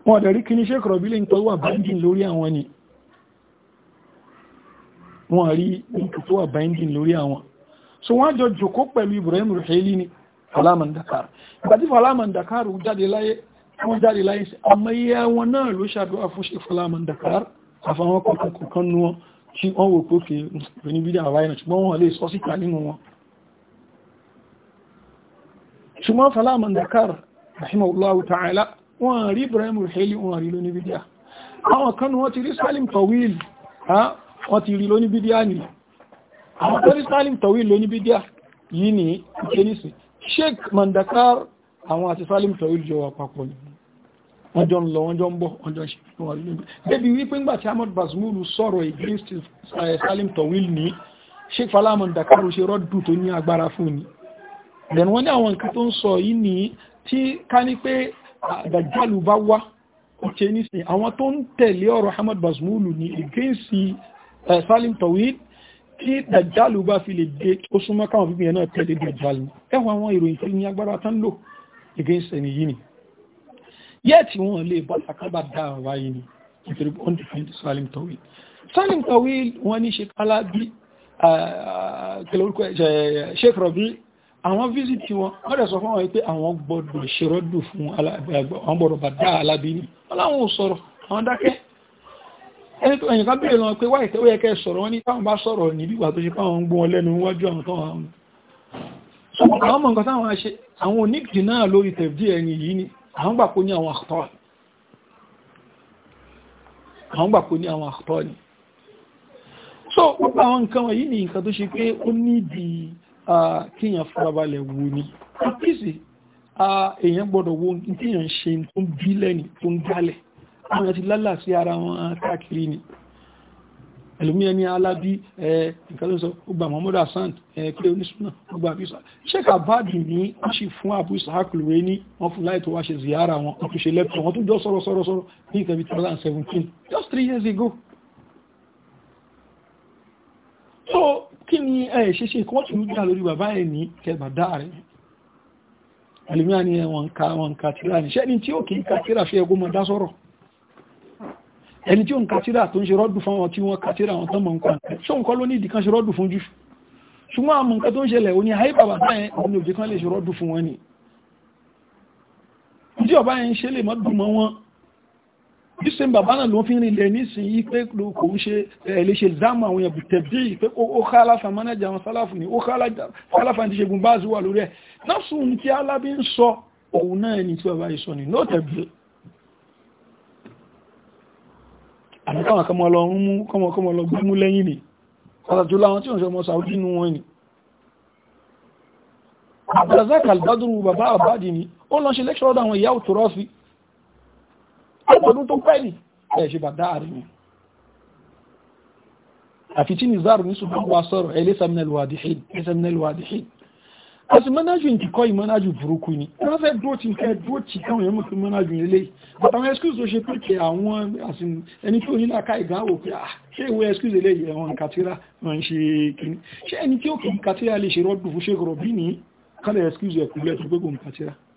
S1: wọn da rí kí ní sheik rọ̀bílẹ̀ ń tọ́wà bindin lórí àwọn ni wọn rí ní tọ́wà bindin lórí àwọn so wọ́n jọ jòkó pẹ̀lú ibrahim rufaili ni falaman da kár ìgbàtí falaman da kár jáde láyé wọ́n jáde láyé sí àmọ́yẹ wọn náà ló ṣàdúrà fún sheik falaman da kár àfàwọn kọ̀ọ̀kan nú wọn tí wọ́n wò pókè ní bídà àwáyé náà ṣùgbọ́n wọn lè sọ síta nínú wọn ṣùgbọ́n Salaman Dakar rahimahullahu ta'ala wọ́n rí Ibrahim Ruhaili wọ́n rí lóní bídíà àwọn kan wọ́n ti rí Salim Tawil wọ́n ti rí lóní bídíà ni àwọn kan rí Salim Tawil lóní bídíà yìí ni ìkénísì Sheikh Mandakar àwọn àti Salim Tawil jọ wà papọ̀ ni wọ́n jọ ń lọ wọ́n jọ ń bọ̀ wọ́n jọ ṣe wọ́n then wọ́n ní àwọn nǹkan tó ń sọ yìí ní tí ká ní pé àdàjálù bá wá ọ̀tẹ́ nísìn àwọn tó ń tẹ̀lé ọ̀rọ̀ Ahmad Bazmulu ní against Salim Tawil tí dàjálù bá fi lè dé tó súnmọ́ káwọn bíbí ẹ̀ náà tẹ̀lé dàjálù ẹwà àwọn ìròyìn tó ní agbára tán lò against ẹni yìí ni yẹ́ tí wọ́n lè bá àkábà àwọn fíṣítì wọn wọ́n dẹ̀ sọ fún wọn pé àwọn gbọ́dọ̀ ṣerọ́dù fún àwọn gbọ́dọ̀ bá dá alábìíní wọ́n láwọn sọ̀rọ̀ àwọn dákẹ́ ẹni tó ẹ̀yìn ká bèèrè lọ pé wáyé tẹ́wọ́ ẹ̀kẹ́ sọ̀rọ̀ wọ́n ní táwọn bá sọ̀rọ̀ níbi ìgbà tó ṣe fáwọn ń gbọ́n lẹ́nu wájú àwọn tó wọn so gbogbo àwọn nǹkan wọ̀nyí ni nǹkan kíyàn farabalẹ̀ wò ní àpíìsì èèyàn gbọ́dọ̀ wo kíyàn ṣe tó ń bílẹ̀ ní tó ń dálẹ̀ àwọn ti lálà sí ara wọn káàkiri ni ẹlòmíyàn ní alábí ìkàlẹ́sọ ọgbà mahmoud hassan pé onísùnà ọgbà àbísà sheik abadi ní wọ́n sì fún abu sahak lóore ní wọ́n fún láì tó wá ṣe ziyara wọn wọ́n tún ṣe lẹ́pọ̀ wọ́n tún jọ sọ̀rọ̀ sọ̀rọ̀ sọ̀rọ̀ ní nǹkan 2017 just three years ago so kí ni ẹ̀ ṣe ṣe kọ́ tí ó dá lórí bàbá ẹ̀ ní kẹbàdá rẹ̀ alìmí ni ẹwọ̀n ká wọn ká tíra ní ṣẹ́ni tí ó kì í ká tíra fi ẹgbó mọ́dá sọ́rọ̀ ẹni tí ó ń ká tíra tó ń ṣe rọ́dù fún wọn tí wọ́n ká wọn tán mọ́ nǹkan ṣó nǹkan ló ní ìdí kan ṣe rọ́dù fún jù ṣùgbọ́n àmọ́ nǹkan tó ń ṣẹlẹ̀ ó ní ayé bàbá báyẹn òun òjì kan lè ṣe rọ́dù fún wọn ni tí ọba yẹn ṣe lè mọ́ mọ́ wọn nísìn bàbá náà ló fi ń rinlẹ̀ nísìn yí pé kò ń ṣe ẹ̀lẹ́ṣẹ̀ dámà àwọn èèyàn tẹ̀bí pé ó ká aláfà mánájà àwọn sálàfù ní ó ká aláfà ti ṣegun báàzì wà lórí ẹ̀ násùn tí alábí ń sọ òun náà ni tí bàbá yìí sọ ní ló tẹ̀bí ni pàtàkì láwọn tí ó ń ṣe lọ ṣe lẹ́kṣọ́rọ́dà àwọn ìyá òtòrọ́fì ọdún tó pẹ́ nì ẹ̀ ṣe bàdá àríwá àfi tí nìzáàrù ní ṣùgbọ́n wa sọ́rọ̀ ẹlẹ́sàmìnàlùwàdìhìn a sì mọ́nájú ní kíkọ́ ni wọ́n fẹ́ dúró ti kẹ́ dúró ti káwọn èèyàn mọ́kí mọ́nájú nílé àtàwọn excuse tó ṣe pé kẹ àwọn ẹni tó nílá ká ìgbàwò pé ah, ṣé ìwé excuse lè yẹ wọn kàtírà wọn ṣe kìíní ṣé ẹni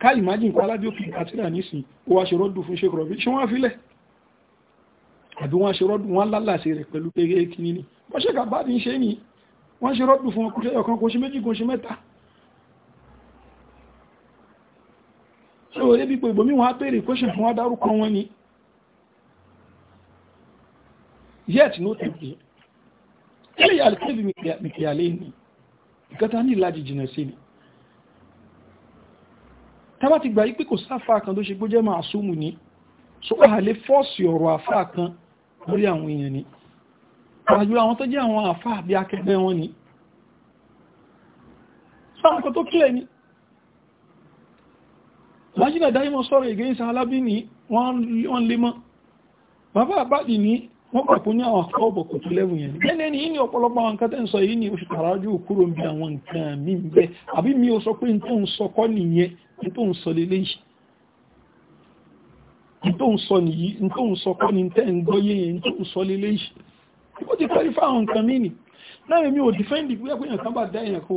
S1: ká imagine kọ́ alábí òkè àtìrà nísìn ó wá ṣe rọ́dù fún Sheikh Rabi ṣe wọ́n fílẹ̀ àbí wọ́n ṣe rọ́dù wọ́n lálàṣẹ rẹ̀ pẹ̀lú pé kíní ni wọ́n ṣe kàbá ti ń ṣe ní wọ́n ṣe rọ́dù fún ọkùnrin ọ̀kan kò ṣe méjì kò ṣe mẹ́ta so ebi pé ìgbòmí wọn á pèrè kó ṣe fún wọn dárúkọ wọn ni yet no tẹ̀lé eléyà alìkébì mìkìyàlé ni ìkẹta ní ìlàjì jìnà sí ni tábà ti gbà yí pé kò sáfà kan tó ṣe gbójẹ́ máa súnmù ní so a lè fọ́ọ̀sì ọ̀rọ̀ àfà kan lórí àwọn èèyàn ni àjò àwọn tó jẹ́ àwọn àfà àbí akẹgbẹ́ wọn ni sáàkọ́ tó kílẹ̀ ni májínà dáyímọ̀ sọ́rọ̀ ìgbéyìnsá alábí ni wọ́n lè mọ́ bàbá àbájì ní wọ́n pàpọ̀ ní àwọn ọ̀bọ̀ kò tó lẹ́wù yẹn lẹ́nẹ́ ni yìí ni ọ̀pọ̀lọpọ̀ àwọn nǹkan tẹ́ ń sọ yìí ni oṣù tààrájú kúrò ń bí àwọn nǹkan mi ń bẹ́ àbí mi ò sọ pé tó sọ kọ́ ni tẹ́ ń gbọ́ yẹn tó ń sọ lélẹ́ yìí ó ti kọ́rí fáwọn nǹkan mi nì náà èmi ò dìfẹ́ǹdì pé ẹ̀kọ́ yẹn kan bá dá yẹn kan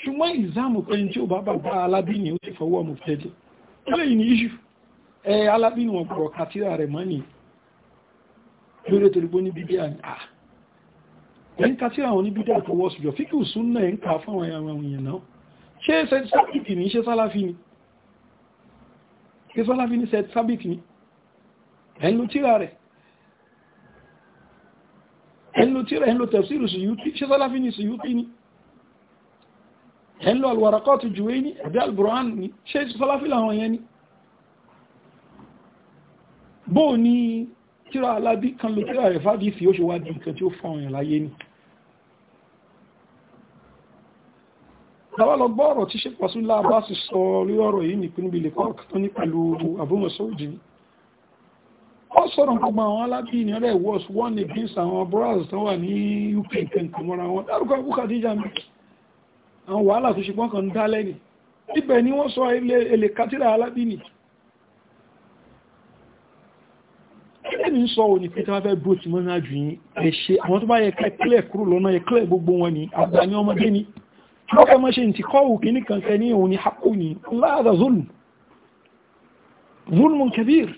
S1: ṣùgbọ́n ìzáàmù pé ní tí ò bá bá bá ni ó ti fọwọ́ mọ̀ fẹ́lẹ̀ eléyìí ni issue ẹ alábìnú ọ̀pọ̀ kàtíra rẹ̀ mọ́ ni lórí ètò ìgbó ní bídíà ní à ẹ̀yìn kàtíra àwọn ní bídíà tó wọ́sù jọ fíkì òsún náà ń kà fáwọn àwọn èèyàn náà ṣe sẹ́tìsábìtì ní ṣe sálàfí ni ṣe sálàfí ní sẹ́tìsábìtì ni ẹ̀lú tíra rẹ̀ ẹ̀lú ní ṣe sálàfí làwọn yẹn ni bóò ní tíra alábí kan ló tíra rẹ̀ fàdísì ó ṣe wá di nǹkan tí ó fáwọn èèyàn láyé ní tàbálọgbọ́ ọ̀rọ̀ tí ṣe pàṣú láàbá sì sọ orí ọ̀rọ̀ yìí nìpín níbi lè kọ́ọ̀kì tó ní pẹ̀lú àbúmọ̀sọ́jì ó sọ̀rọ̀ gbogbo àwọn alábí ní ọ̀rẹ́ wọ́s wọ́n ní bíns àwọn bros tó wà ní uk kẹntàn mọ́ra wọn dárúkọ abúkà díjà mi àwọn wàhálà tó ṣe pọ́nkàn dálẹ́ ni ibẹ̀ ni wọ́n sọ ilé kátírà alábí nìyí tẹ́mi ń sọ òní pé tí wọ́n fẹ́ bó ti mọ́nà jù yín ẹ̀ṣẹ́ àwọn tó bá yẹ kílẹ̀ kúrò lọ́nà ẹ̀kílẹ̀ gbogbo wọn ni àgbà ní ọmọdé ni lọ́kẹ́ mọ́ ṣe ti kọ́wù kìíní kan kẹ́ ní òun ni láàdà zulm zulmun kabir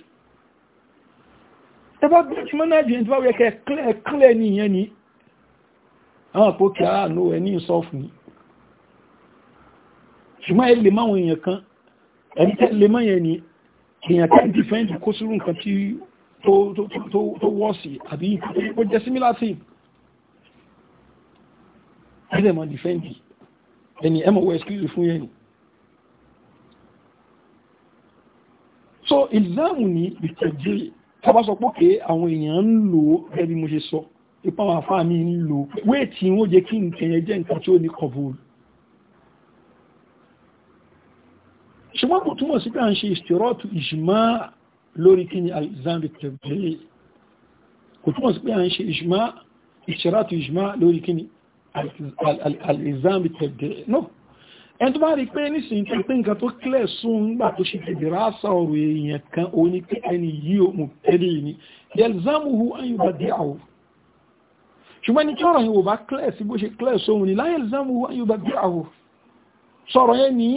S1: ẹ bá bó ti mọ́nà jù yín tó bá yẹ kílẹ̀ ní ìyẹn ni àwọn àpò kí á nù ẹ ní ìsọ́fù ni ṣùgbọ́n ẹ lè máwọn èèyàn To to to to tó wọ́ọ̀sì àbí ó jẹ́ similar thing ẹ̀rẹ̀ mọ̀ dìfẹ́ǹdì ẹni ẹmọ̀ wọ ẹ̀skìlì fún yẹn so ìlàmù ní ìtẹ̀jẹ́ tabasọpọ̀kẹ́ àwọn èèyàn ń lò ẹbí mo ṣe sọ ipa wà fáà ní ń lò wéètì wọ́n jẹ́ kí nkẹ̀yẹ jẹ́ nǹkan tí ó ní kọ̀bùl ṣùgbọ́n kò túmọ̀ sí pé à ń ṣe ìṣòro ìjìmọ́ lórí kí ni alexander tẹ̀bẹ̀rẹ̀ kò túnmọ̀ sí pé a ń ṣe ìṣmá ìṣẹ́rátù ìṣmá lórí kí ni alexander tẹ̀bẹ̀rẹ̀ no ẹn tó bá rí pé nísìnyí tó pé nǹkan tó kílẹ̀ sún nígbà tó ṣe tẹ̀bẹ̀rẹ̀ àṣà ọ̀rọ̀ èèyàn kan ó ní pé ẹni yí òmù tẹ́lẹ̀ ni yalzamuhu an yubadi'ahu ṣùgbọ́n ní kí ọ̀rọ̀ yìí wò bá kílẹ̀ sí bó ṣe kílẹ̀ sóhun ni la yalzamuhu an yubadi'ahu sọ̀rọ̀ yẹn ni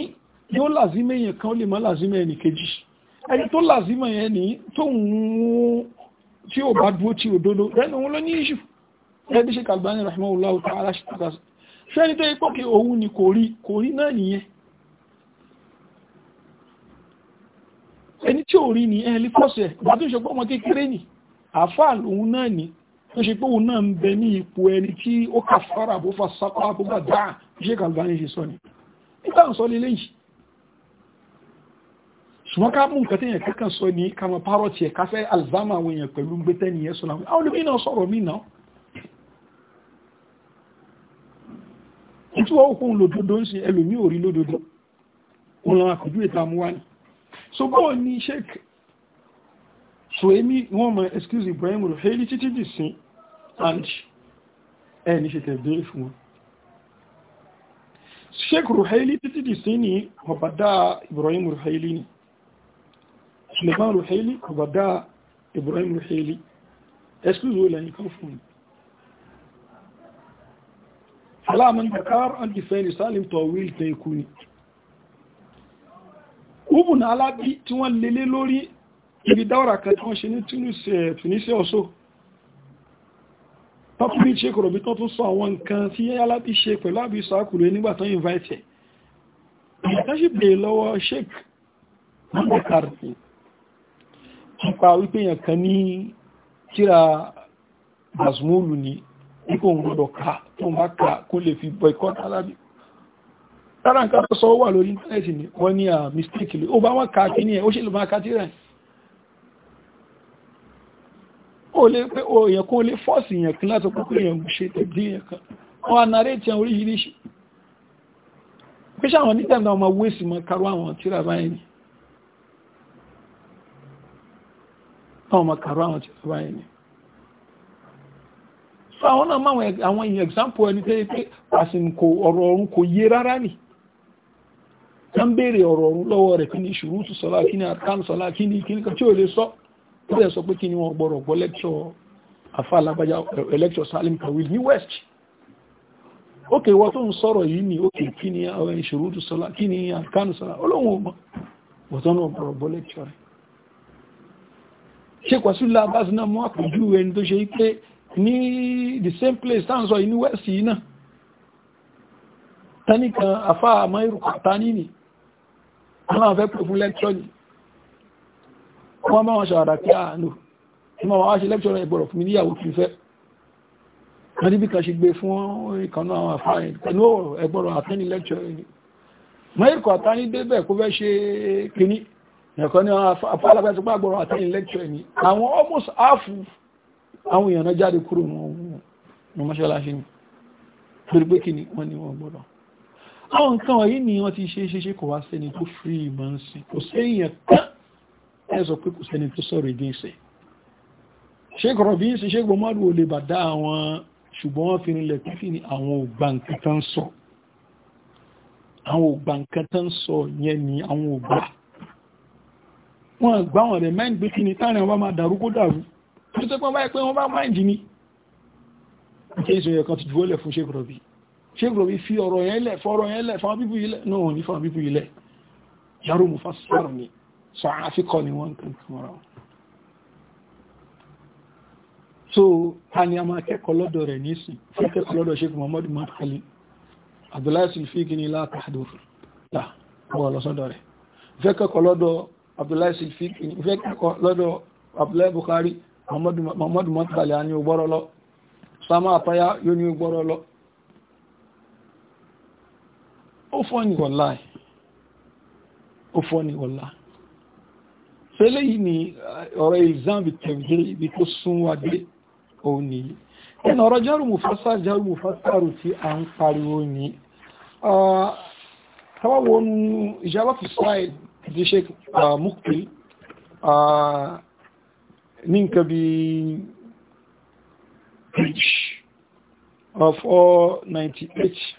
S1: yóò làzímẹ̀yàn kan ó lè má làzímẹ̀ ẹnì kejì ẹni tó làzímọ̀ yẹn ní tóun tí ò bá dúó tí òdodo rẹ́nu òun ló ní ìṣù ẹbí ṣe kàlùbáni rahimahullahu ta'ala ṣàtàkà ṣe ẹni tó yẹ pọ́ kí òun ni kò rí kò rí náà nìyẹn ẹni tí ò rí ní ẹ̀lí pọ́sẹ̀ bá tó ṣe pọ́ ọmọ kékeré tó ṣe pé òun náà ń bẹ ní ipò ẹni tí ó kà bó fa sápá bó dáa ṣe kàlùbáni ṣe sọ ni nígbà ń sọ lélẹ́yìí ṣùgbọ́n ká mú nǹkan tí yẹn kankan sọ ní kama parọ́ tiẹ̀ ká fẹ́ alzama àwọn èèyàn pẹ̀lú gbé tẹ́ni yẹn sọ́nà àwọn olùmí náà sọ̀rọ̀ mí náà ìtúwọ́ òkun lòdòdó ń sin ẹlòmí òrí lòdòdó òun àkójú ìta amúwá ni so bọ́ọ̀ ni sheik so èmi wọ́n mọ excuse Ibrahim Ruhaili títí dì sí and ẹ ní ṣe tẹ̀lé fún wọn sheik Ruhaili títí dì sí ni ọ̀bàdá Ibrahim Ruhaili ni Suleiman Ruhaili kò bá dá Ibrahim Ruhaili excuse wo lẹ́yìn uh, kan fún alaman bakar an difẹ́ni salim tawil ta ikú ni ubun alábi tí wọ́n lélé lórí ibi dáwàrà kan tí wọ́n ṣe ní Tunisia ọ̀ṣọ́ tọ́pùrí ṣe kọ̀rọ̀ bí tọ́tún sọ àwọn nǹkan tí yẹ́ alábi ṣe pẹ̀lú àbí sàákùnrin nígbàtán invite ẹ̀ nípa wípé yàn kan ní kíra basmolu ní ipò ń gbọdọ̀ ká tó máa ká kó lè fi boycott alábi tára nǹkan tó sọ wà lórí íńtánẹ́ẹ̀tì ni wọ́n ní à ah, mistake lè ó bá wọ́n ká kí ní ẹ̀ ó ṣe lè ó lè pé èèyàn kó lè fọ́ọ̀sì èèyàn kan láti púpù èèyàn ṣe tẹ̀bí èèyàn kan wọ́n anárètì àwọn oríṣiríṣi pé ṣáwọn nítẹ̀mdà ọmọ wéṣì mọ́ karú àwọn tíra báyìí táwọn ọmọ kàrọ àwọn ti sọ báyìí ni so àwọn náà máa àwọn èèyàn example ẹni tẹ́ pé àsìkò ọ̀rọ̀ ọ̀run kò yé rárá nì tá ń béèrè ọ̀rọ̀ ọ̀run lọ́wọ́ rẹ̀ kí ni ṣùrùtù sọlá kí ni àkánù sọlá kí ni kíníkan sọ ó sọ pé kí ni wọ́n gbọ́rọ̀ gbọ́ lẹ́kṣọ́ afá alágbájá lẹ́kṣọ́ Salim West ókè wọ́n tó ń sọ̀rọ̀ yìí ni ókè kí ni àwọn ìṣòro tó kí ni ṣe kọ̀sílá báṣì náà mọ́ àpòjú ẹni tó ṣe pé ní the same place tán sọ inú west yìí náà tánìkan afá àmọ́ ìrùkọ̀ tání ni aláwọ̀ fẹ́ pè fún lẹ́kṣọ́nì wọ́n máa wọ́n ṣàwàdà pé àánú tí ma wá ṣe lẹ́kṣọ́nì ìbọ̀rọ̀ fún mi níyàwó kí fẹ́ wọ́n níbi kan ṣe gbé fún ìkànnà àwọn àfáàrin pẹ̀lú ẹgbọ̀rọ̀ àtẹ́ni lẹ́kṣọ́nì mọ́ ìrùkọ̀ tání débẹ̀ kó fẹ́ ṣe kìíní ẹ̀kọ́ ní afálágbá ti pàgbọ́rọ̀ àtẹ́yìn lẹ́kṣọ́ ẹni àwọn almost half àwọn èèyàn náà jáde kúrò ní mọ́ṣáláṣí ni torí pé kí ni wọ́n ní wọ́n gbọ́dọ̀ àwọn nǹkan wọ̀nyí ni wọ́n ti ṣe é ṣeṣe kò wá sẹ́ni tó fírí ìmọ̀ ń sìn kò séèyàn kan ẹ̀ sọ pé kò sẹ́ni tó sọ̀rọ̀ ìdí ìsẹ̀ ṣé kọ̀rọ̀ bí ń wọ́n gbá wọn rẹ̀ mind pé kí ni táàrin wọn bá máa dàrú kó dàrú tó tẹ́ pọ́n báyìí pé wọ́n bá mind ní ṣe ìṣòyẹ̀ kan ti juwọ́lẹ̀ fún Sheikh Rabi Sheikh Rabi fi ọ̀rọ̀ yẹn lẹ̀ fún ara wọn so ta ni a máa kẹ́kọ̀ọ́ lọ́dọ̀ rẹ̀ nísìn fún kẹ́kọ̀ọ́ lọ́dọ̀ Sheikh Muhammadu mahali Abdullahi Silfi kí ni látàdúrà wọ́n lọ́sọ́dọ̀ rẹ̀ fẹ́ abdullahi sifik ìfẹ́ kẹ́kọ̀ọ́ lọ́dọ̀ abdullahi bukhari muhammadu mọ́tàlì a ní ogbọ́rọ̀ lọ sama àpáyá yóò ní ogbọ́rọ̀ lọ ó fọ́ ní wọ̀láì ó fọ́ ní wọ̀láì fẹ́lẹ̀ yìí ni uh, ọ̀rọ̀ ìzán bí tẹ̀wẹ̀ ibi tó sún wá òun ni ẹ̀nà ọ̀rọ̀ jẹ́rù mufasa ti sheik mukbil ní nǹkan bí page of 498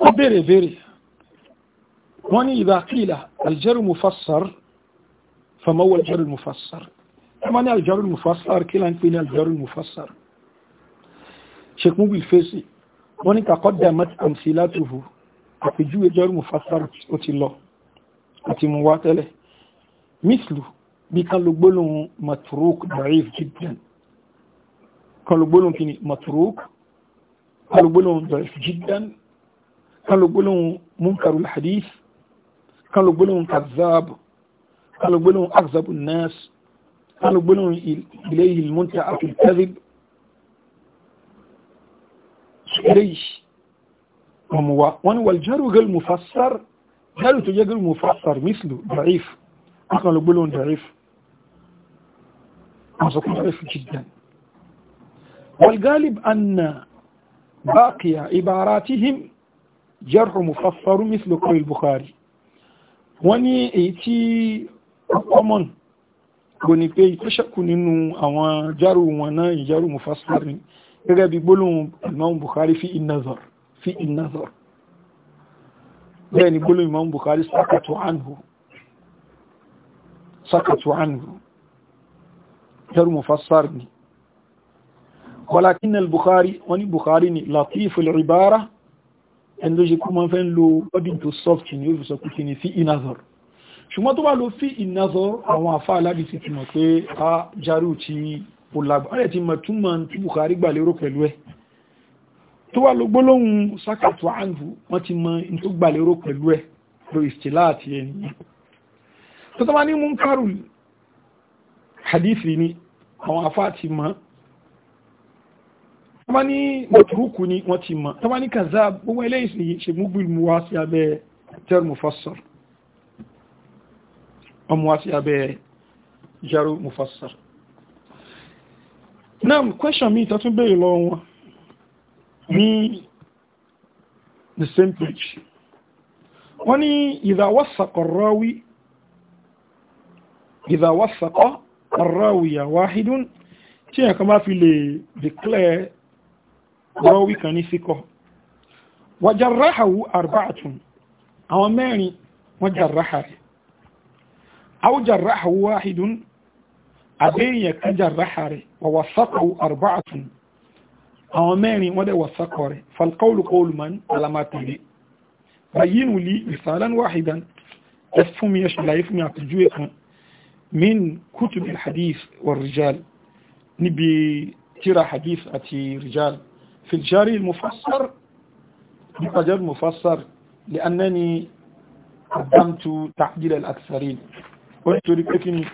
S1: ó bèèrè bèèrè wọ́n ní ìdákílà aljaru mufassar famawar aljaru mufassar ẹmọ́ ní aljaru mufassar kí lá ń pè ní aljaru mufassar sheik mukbil fèsì wọ́n ní kàkọ́dà mat amsilatuhu àpèjúwe jọ́rù mufassar ó ti lọ àti mú wá tẹ́lẹ̀ mislu bí kan ló gbólóhùn matruk da'if jiddan kan ló gbólóhùn kìíní matruk kan ló gbólóhùn da'if jiddan kan ló gbólóhùn munkarul hadith kan ló gbólóhùn kazzab kan ló nas kan ló gbólóhùn ilayhi al-muntaha ọmọ wa wọ́n ni wà jẹ́rù gẹ́lù mufassar jẹ́rù tó jẹ́ gẹ́lù mufassar mislu da'if akan lọ da'if àsọkún da'if jiddan والغالب أن باقي عباراتهم جرح مفسر مثل قول البخاري wani eti common kò ní pé ìtọ́ṣẹ́kù nínú àwọn járù wọn náà ìjárù mufassar ni gẹ́gẹ́ bí gbólóhùn imam bukhari fi in fi ìnàzọ̀ bẹ́ẹ̀ ni gbólóhùn Imam Bukhari sakatu anhu sakatu anhu yar mufassar ni walakin al-Bukhari wani Bukhari ni latif al-ibara ẹni ló ṣe kó máa fẹ́ ń lo wording to soft ni ó fi sọ kúkí ni fi ìnàzọ̀ ṣùgbọ́n tó bá lo fi ìnàzọ̀ àwọn tó wà ló gbólóhùn sákàtù àǹfù wọ́n ti mọ in tó gbà lérò pẹ̀lú ẹ̀ ló ìsìlá àti ẹni tó tọ́wà ní múnkàrù hadithi ni àwọn afá ti mọ́ tọ́wà ní mọ̀túrúkù ni wọ́n ti mọ́ tọ́wà ní kàzá gbogbo eléyìí ṣe mú gbìlmù wá sí abẹ́ tẹ́rù mufassar ọmọ wá jaru mufassar náà kwẹ́sàn mi ìtọ́tún bẹ́ẹ̀ lọ wọn ní the same page wọ́n ní ìdáwọ́sàkọ̀ rọ́wí ìdáwọ́sàkọ̀ rọ́wíyà wáhídún tí ẹ̀yàn kan bá fi lè declare rọ́wí kan ní síkọ̀ wàjáráhàwú arba'atun àwọn mẹ́rin wọ́n járáhà rẹ̀ àwújáráhàwú wáhídún àbẹ́yìn kan járáhà rẹ̀ àwọn mẹ́rin wọ́n dẹ̀ wọ̀sákọ̀ rẹ̀ falkọ́ọ̀lù kọlùmán alamatari bayinu li risalan wahidan ẹ fún mi ẹṣù láyé fún mi àpẹjú ẹ̀kan min kútùbí hadith wa rijal níbi tíra hadith àti rijal filjari mufassar bifajar mufassar lè annani àdámtu tàbí al-aksarin wọ́n torí pé kí ni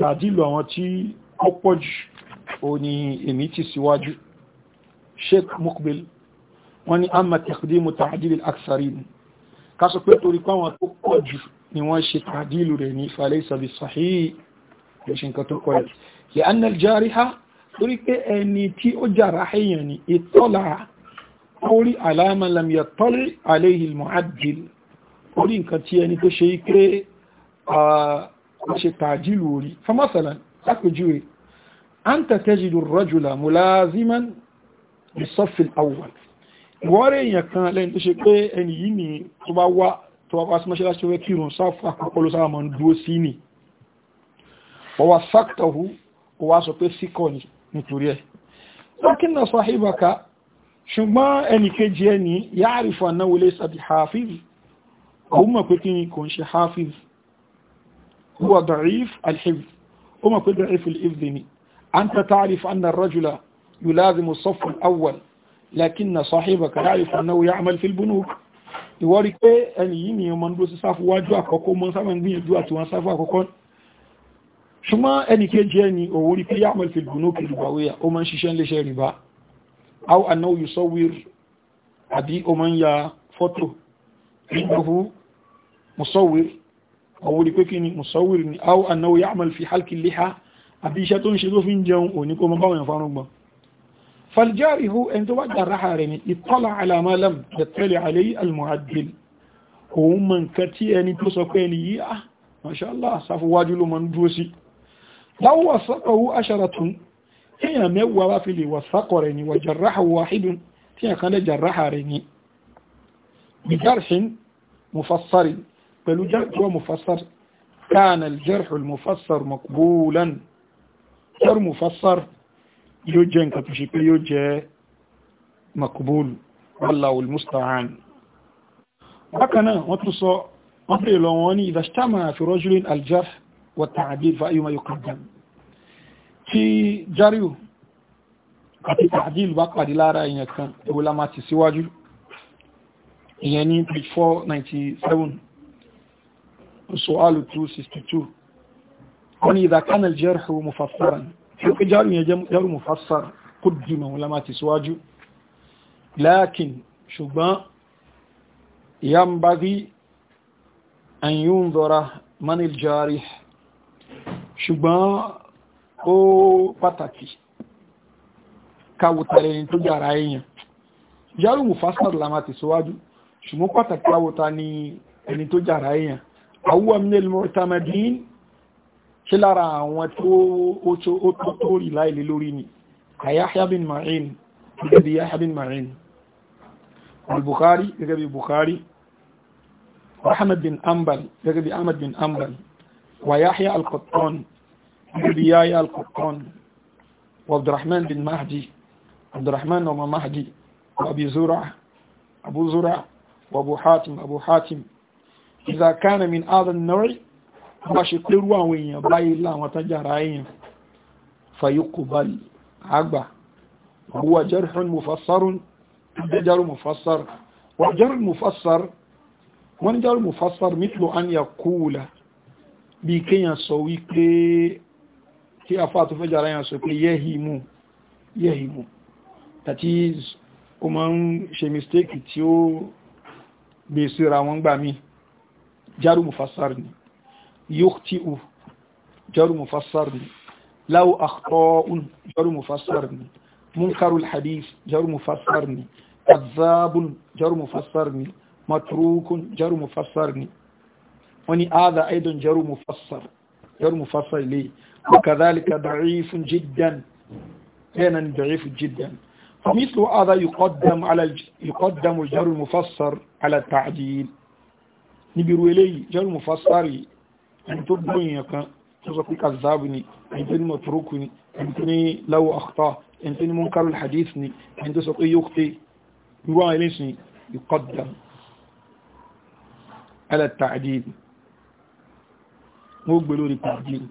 S1: tàdílù àwọn tí ó pọ̀jù ó ní èmi ti síwájú si sheikh mukbil wọ́n ní amma taqdimu ta'dil al-aktharin ká sọ pé torí pé àwọn tó pọ̀ jù ni wọ́n ṣe ta'dilu rẹ̀ ní falaysa bi sahih kò ṣe nǹkan tó kọ̀ rẹ̀ li anna al-jariha torí pé ẹni tí ó jàrá èèyàn ni ittala orí alama lam yattali alayhi al-mu'addil orí nǹkan tí ẹni tó ṣe ikre a ṣe ta'dilu orí fa masalan lápèjúwe anta tajidu ar-rajula mulaziman الصف الاول وارين يا كان لين تو سي بي ان يي ني تو با وا تو با اسما شلا شوي كيرون صف اكولو سا مان دو سي ني هو سكته هو سو بي سيكوني نتوري لكن صاحبك شما اني كجيني يعرف انه ليس بحافظ هما كوتين كون شي حافظ هو ضعيف الحفظ هما كوتين ضعيف الحفظ انت تعرف ان الرجل يلازم الصف الأول لكن صاحبك يعرف أنه يعمل في البنوك ìwọ́rí pé ẹni yìí ni ọmọ ndó sí sáfù wájú àkọ́kọ́ mọ́ sáfà ń gbìyànjú àti wọn sáfù àkọ́kọ́ ṣùgbọ́n ẹni kéjì ẹni òwò rí pé yàmọ̀ ìfìlbùnú kìlùbàwéyà ó máa ń ṣiṣẹ́ léṣẹ́ rìbá au anáwó yìí sọ wír àbí ó máa ń ya fọ́tò nígbàfú musawir òwò rí pé kí ni musawir ni au anáwó yàmọ̀ ìfìhálkìlíhá àbí iṣẹ́ tó ń ṣe tó fi ń jẹun òní kó mọ́ báwọn ẹ̀fọ́rún gbọ́n فالجاري هو عنده راح رحارني يطلع على ما لم يطلع عليه المعدل هو من كتي أني تسكيني آه ما شاء الله صف واجل من دوسي لو وثقه أشرة هي موى في وثقرني وجرحه واحد هي كان جرحارني بجرح مفسر بل جرح مفسر كان الجرح المفسر مقبولا جرح مفسر yóò jẹ́ nǹkan tó ṣe pé yóò jẹ́ makbul wallahu almusta'an bákanáà wọ́n tún sọ wọ́n pè lọ wọ́n ní idhajtama fi rajulin aljarh wa ta'dil fa ayyuma yuqaddam tí járíù àti ta'dil bá pàdé lára èèyàn kan ewu la máa ti síwájú ìyẹn ní 497 su'alu 262 wọ́n ní idha kana aljarhu mufassaran ṣe járù yẹn jẹ́ járù mufassar kó dìmọ̀ wọn lámà ti síwájú láàkín ṣùgbọ́n yambaghi an yundhara manil jarih ṣùgbọ́n ó pàtàkì káwòtà lẹ́ni tó jára èèyàn járù mufassar lámà ti síwájú ṣùgbọ́n pàtàkì káwòtà ni ẹni tó jára èèyàn àwọn minil mu'tamadin ṣe lára àwọn tí ó tó rí láìlé lórí ni Yahya bin Ma'in gẹ́gẹ́ bí Yahya bin Ma'in al-Bukhari gẹ́gẹ́ bí Bukhari Ahmad bin Ambal gẹ́gẹ́ bí Ahmad bin Ambal wa Yahya al-Qattan gẹ́gẹ́ bí Yahya al-Qattan wa Abdurrahman bin Mahdi Abdurrahman ọmọ Mahdi wa Abi Zura Abu Zura wa Abu Hatim Abu Hatim إذا كان من هذا النوع bá ṣe pérú àwọn èèyàn báyìí láwọn tájára èèyàn fayuqbal àgbà huwa jarhun mufassarun jaru mufassar wa jaru mufassar wọ́n jaru mufassar mithlu an yaqula bí kéèyàn sọ wípé tí afá tó fẹ́ jára èèyàn sọ pé yahimu that is o máa ń ṣe mistake tí ó gbèsè ra wọn gbà mí jaru mufassar ni يخطئ جار مفسر لو أخطاء جار مفسر منكر الحديث جار مفسر كذاب جار مفسر متروك جار مفسر وني هذا أيضا جار مفسر جار مفسر لي وكذلك ضعيف جدا كان ضعيف جدا فمثل هذا يقدم على الج... يقدم الجار المفسر على التعديل نبيرو إليه جار مفسر ẹni tó gbọ́ èèyàn kan tó sọ pé kazabu ni ẹni tó ní mọ̀tòrókù ni ẹni tó ní lawu akhta ẹni tó ní munkaru hadith ni ẹni tó sọ pé yóò pé irú àwọn eléṣin yuqaddam ala ta'dil wọ́n gbé lórí ta'dil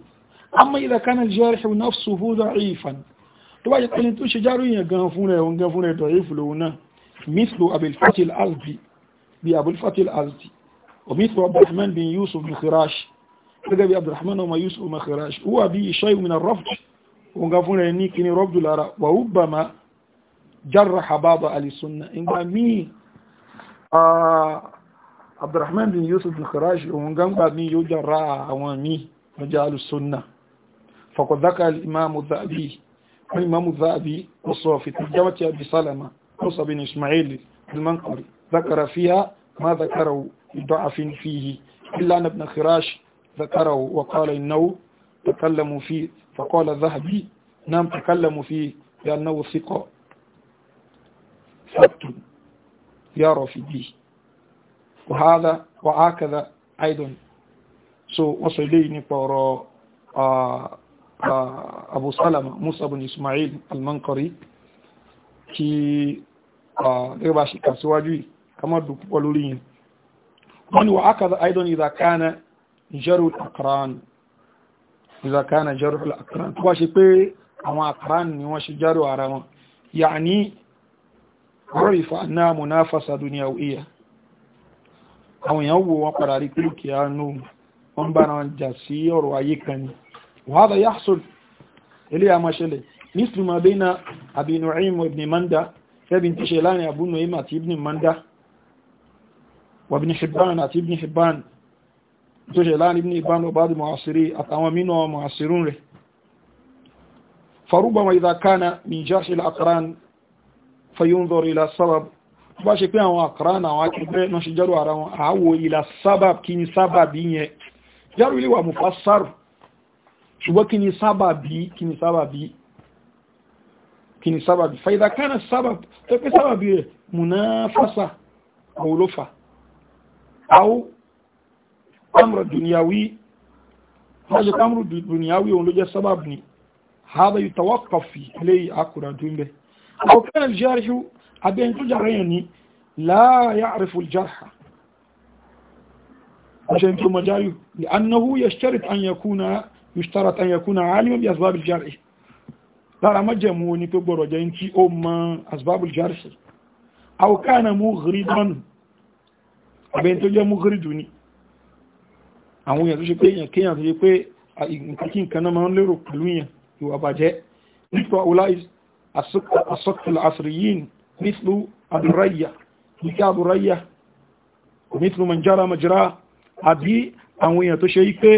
S1: amma idha kana al-jarih nafsuhu da'ifan tó bá jẹ́ pé tó ṣe járó èèyàn gan fún rẹ̀ òun gan fún rẹ̀ da'if lòun náà mislu abil fatil azdi bí abil fatil azdi ومثل عبد الرحمن بن رجب عبد الرحمن وما يوسف وما خراش هو بي شيء من الرفض ونقفون اني كني رفض الاراء وربما جرح بعض اهل السنه ان مي آه عبد الرحمن بن يوسف بن خراش ونقفون مي يجرى اوامي مجال السنه فقد ذكر الامام الذهبي الامام الذهبي في ترجمه ابي سلمه قصه بن اسماعيل المنقري ذكر فيها ما ذكره لضعف فيه الا ان ابن خراش ذكره وقال إنه تكلم فيه فقال ذهبي نعم تكلم فيه لأنه ثقة ثبت يرى في به وهذا وعاكذا أيضا سو وصليني قرى أبو سلمة موسى بن إسماعيل المنقري كي لغباشي كاسواجي كما دوكو قولولين من وعاكذا أيضا إذا كان jẹ́rù àkàrán ìzàkánà jẹ́rù àkàrán tó bá ṣe pé àwọn àkàrán ni wọ́n ṣe jẹ́rù ara wọn yàní rọ́ìfà náà munafasa duniyawiya àwọn èèyàn wo wọn padà rí pé kí á nù wọn bá ما بين أبي نعيم وابن مندى فابن تشيلان أبو نعيم ابن مندى وابن حبان ابن حبان tó ṣe láàrin ní ìbánu ọbádù mọ̀ásírí àtàwọn mínú ọmọ àsírún rẹ̀ farúgbà wọn ìdákánà min jáṣìlá àkàrán fayúndọ̀rọ̀ ilá sábàb bá ṣe pé àwọn àkàrán àwọn akẹgbẹ́ náà ṣe járò ara wọn àwọ ilá sábàb kí ni sábàb yẹn járò ilé wà mú fásárù ṣùgbọ́n kí ni sábàb kí ni امر دنياوي حاجة امر دنياوي ولو جاء هذا يتوقف في لي اقرا دنبه او كان الجارح ابين تجريني لا يعرف الجرح عشان ثم جاري لانه يشترط ان يكون يشترط ان يكون عالما باسباب الجرح ترى ما جموني تبرو جنتي ام اسباب الجرح او كان مغرضا بين تجا مغرضني àwọn èèyàn tó ṣe pé èèyàn kéèyàn tó ṣe pé nǹkan kí nǹkan náà máa ń lérò pẹ̀lú yẹn ìwà bàjẹ́ nípa ọlá asọ́kùl asìríyìn nítorí àdúráyà nítorí àdúráyà nítorí manjara majara àbí àwọn èèyàn tó ṣe yí pé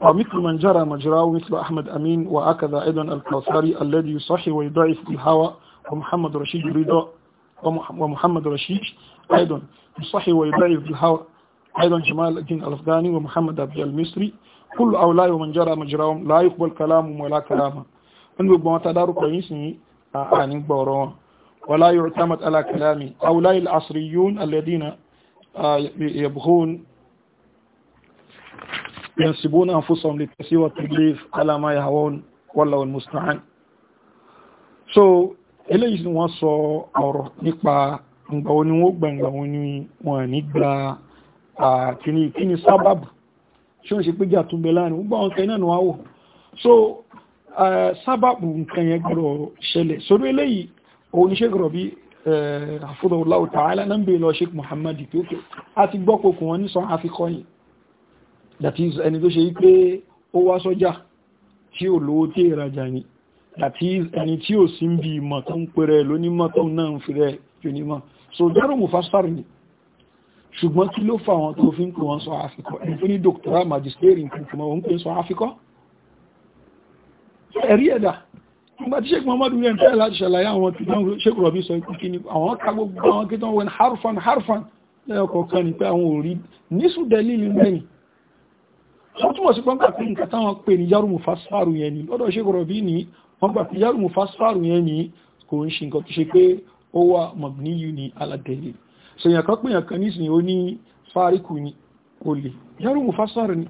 S1: ومثل من جرى مجراه مثل أحمد أمين وأكذا أيضا الكوثري الذي يصحي ويضعف الهوى ومحمد رشيد رضا ومحمد رشيد أيضا يصحي ويضعف الهوى أيضا جمال الدين الأفغاني ومحمد عبد المصري كل أولاء ومن جرى مجراهم لا يقبل كلامهم ولا كلامهم أن بما تدارك رئيسني آه، آه، يعني عن بورون ولا يعتمد على كلامي أولاء العصريون الذين آه، يبغون ينسبون أنفسهم للتسيير والتكليف على ما يهوون والله المستعان So eléyìí wọ́n sọ ọ̀rọ̀ nípa ǹgbà wọn ni wọ́n gbà ǹgbà wọn ni wọ́n ní gba kíní kíní sábàbù ṣe ń ṣe pé jà túnbẹ̀ láàrin wọ́n bá wọn kẹ́ náà wáwò so sábàbù nǹkan yẹn gbọ́dọ̀ ṣẹlẹ̀ sórí eléyìí òun ni ṣe gbọ́dọ̀ bí hafidhahullahu náà ń bèèrè lọ Sheikh Muhammad ìpókè àti gbọ́pokùn wọn ní sọ àfikọ́yìn that is ẹni tó ṣe wípé ó wá sọ́jà tí ò lówó tí ìrajà that is ẹni tí ò sí ń bí ìmọ̀ tó ń pèrè lónímọ̀ tó náà ń fèrè lónímọ̀ so dárò mú fásitárì ni ṣùgbọ́n kí ló fa àwọn tó fi ń pè wọ́n sọ àfikọ́ ẹni tó ní doctoral magistrate nǹkan kìmọ̀ wọ́n pè ń sọ àfikọ́ ẹ̀rí ẹ̀dà nígbà tí sheik muhammadu rẹ̀ ń tẹ́ láti ṣàlàyé àwọn tí wọ́n sheik rọ̀bí harfan harfan lẹ́yọ kọ̀ọ̀kan ni pé àwọn ò rí nísù dẹ́lílì mẹ́rin wọ́n túmọ̀ sí pọ́nkà pé nǹkan táwọn pè ní ni wọ́n gbà pé yálù mufasiru yẹn ni kò ń ṣe nǹkan tó ṣe pé ó wà mabniyu ní aládẹ́lẹ̀ sèyàn kan pèyàn kan nísìnyí ó ní fáríkù ni ó lè yálù mufasiru ni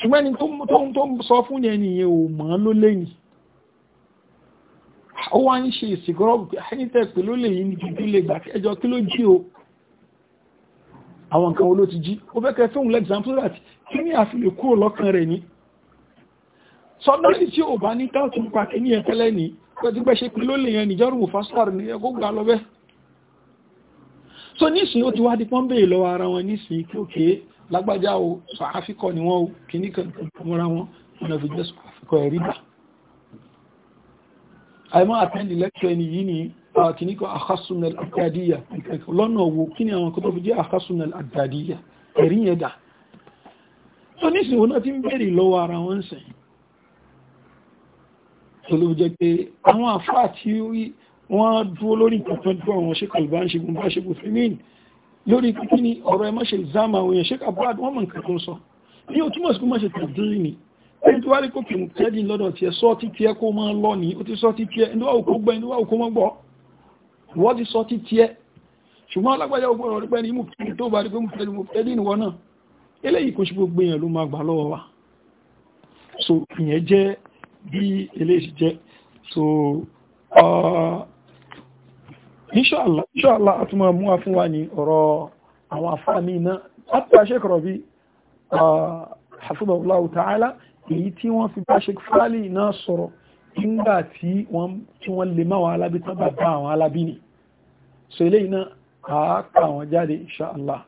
S1: ṣùgbọ́n ni tó ń sọ fún yẹn nìyẹn ò mọ́ ló lẹ́yìn ó wá ń ṣe ìsìnkọ́rọ̀bù pé ẹni tẹ́pẹ̀ ló lè yí ní jùjú lè kí that kí ní àfilè ní sọdọ́sì tí ò bá ní káàkiri pàkí ní ẹ̀kẹ́lẹ́ ní pẹ̀tùpẹ́ ṣe pín ló lè yẹn nìjọ́rù mufasar ní ẹgbó gbà lọ́bẹ́ so nísìn ó ti wá di pọ́ńbẹ̀ lọ́wọ́ ara wọn nísìn kí ó kéé lágbájá o sọ àfikọ́ ni wọ́n o kì ní kọmọra wọn ọ̀nà fi jẹ́ àfikọ́ ẹ̀rí gbà àìmọ́ àtẹ́ndì lẹ́kṣọ́ ẹni yìí ni kìníkọ̀ àkásùnẹ̀l àdàdíyà so nísìn náà ti ń bèèrè lọ́wọ́ ara wọn sẹ́yìn tó ló jẹ́ pé àwọn àfáà tí wọ́n dúró lórí nǹkan tó dúró àwọn ṣe kàlùbá ń ṣe gùn bá ṣe gùn lórí kíkí ni ọ̀rọ̀ ẹ má ṣe ìzámà àwọn èèyàn ṣe kàbúrà wọ́n mọ̀ nǹkan tó ń sọ ní o túmọ̀ sí kó má ṣe tàbí ni ẹni tó wá rí kòkè mú tẹ́dì lọ́dọ̀ tí ẹ sọ títí ẹ kó máa lọ ní o so ìyẹn bí ilé ṣe jẹ́ so inṣàlá inṣàlá àtúmọ̀ mú wa fún wa ní ọ̀rọ̀ àwọn afáàmì náà láti àṣẹ́kọ̀rọ̀ uh, bí hafizahullahu ta'ala èyí tí wọ́n fi bá ṣe fáàlì náà sọ̀rọ̀ nígbà tí wọ́n lè máa wọn alábí tán bàbá àwọn alábí ni so ilé iná àákà wọn jáde inṣàlá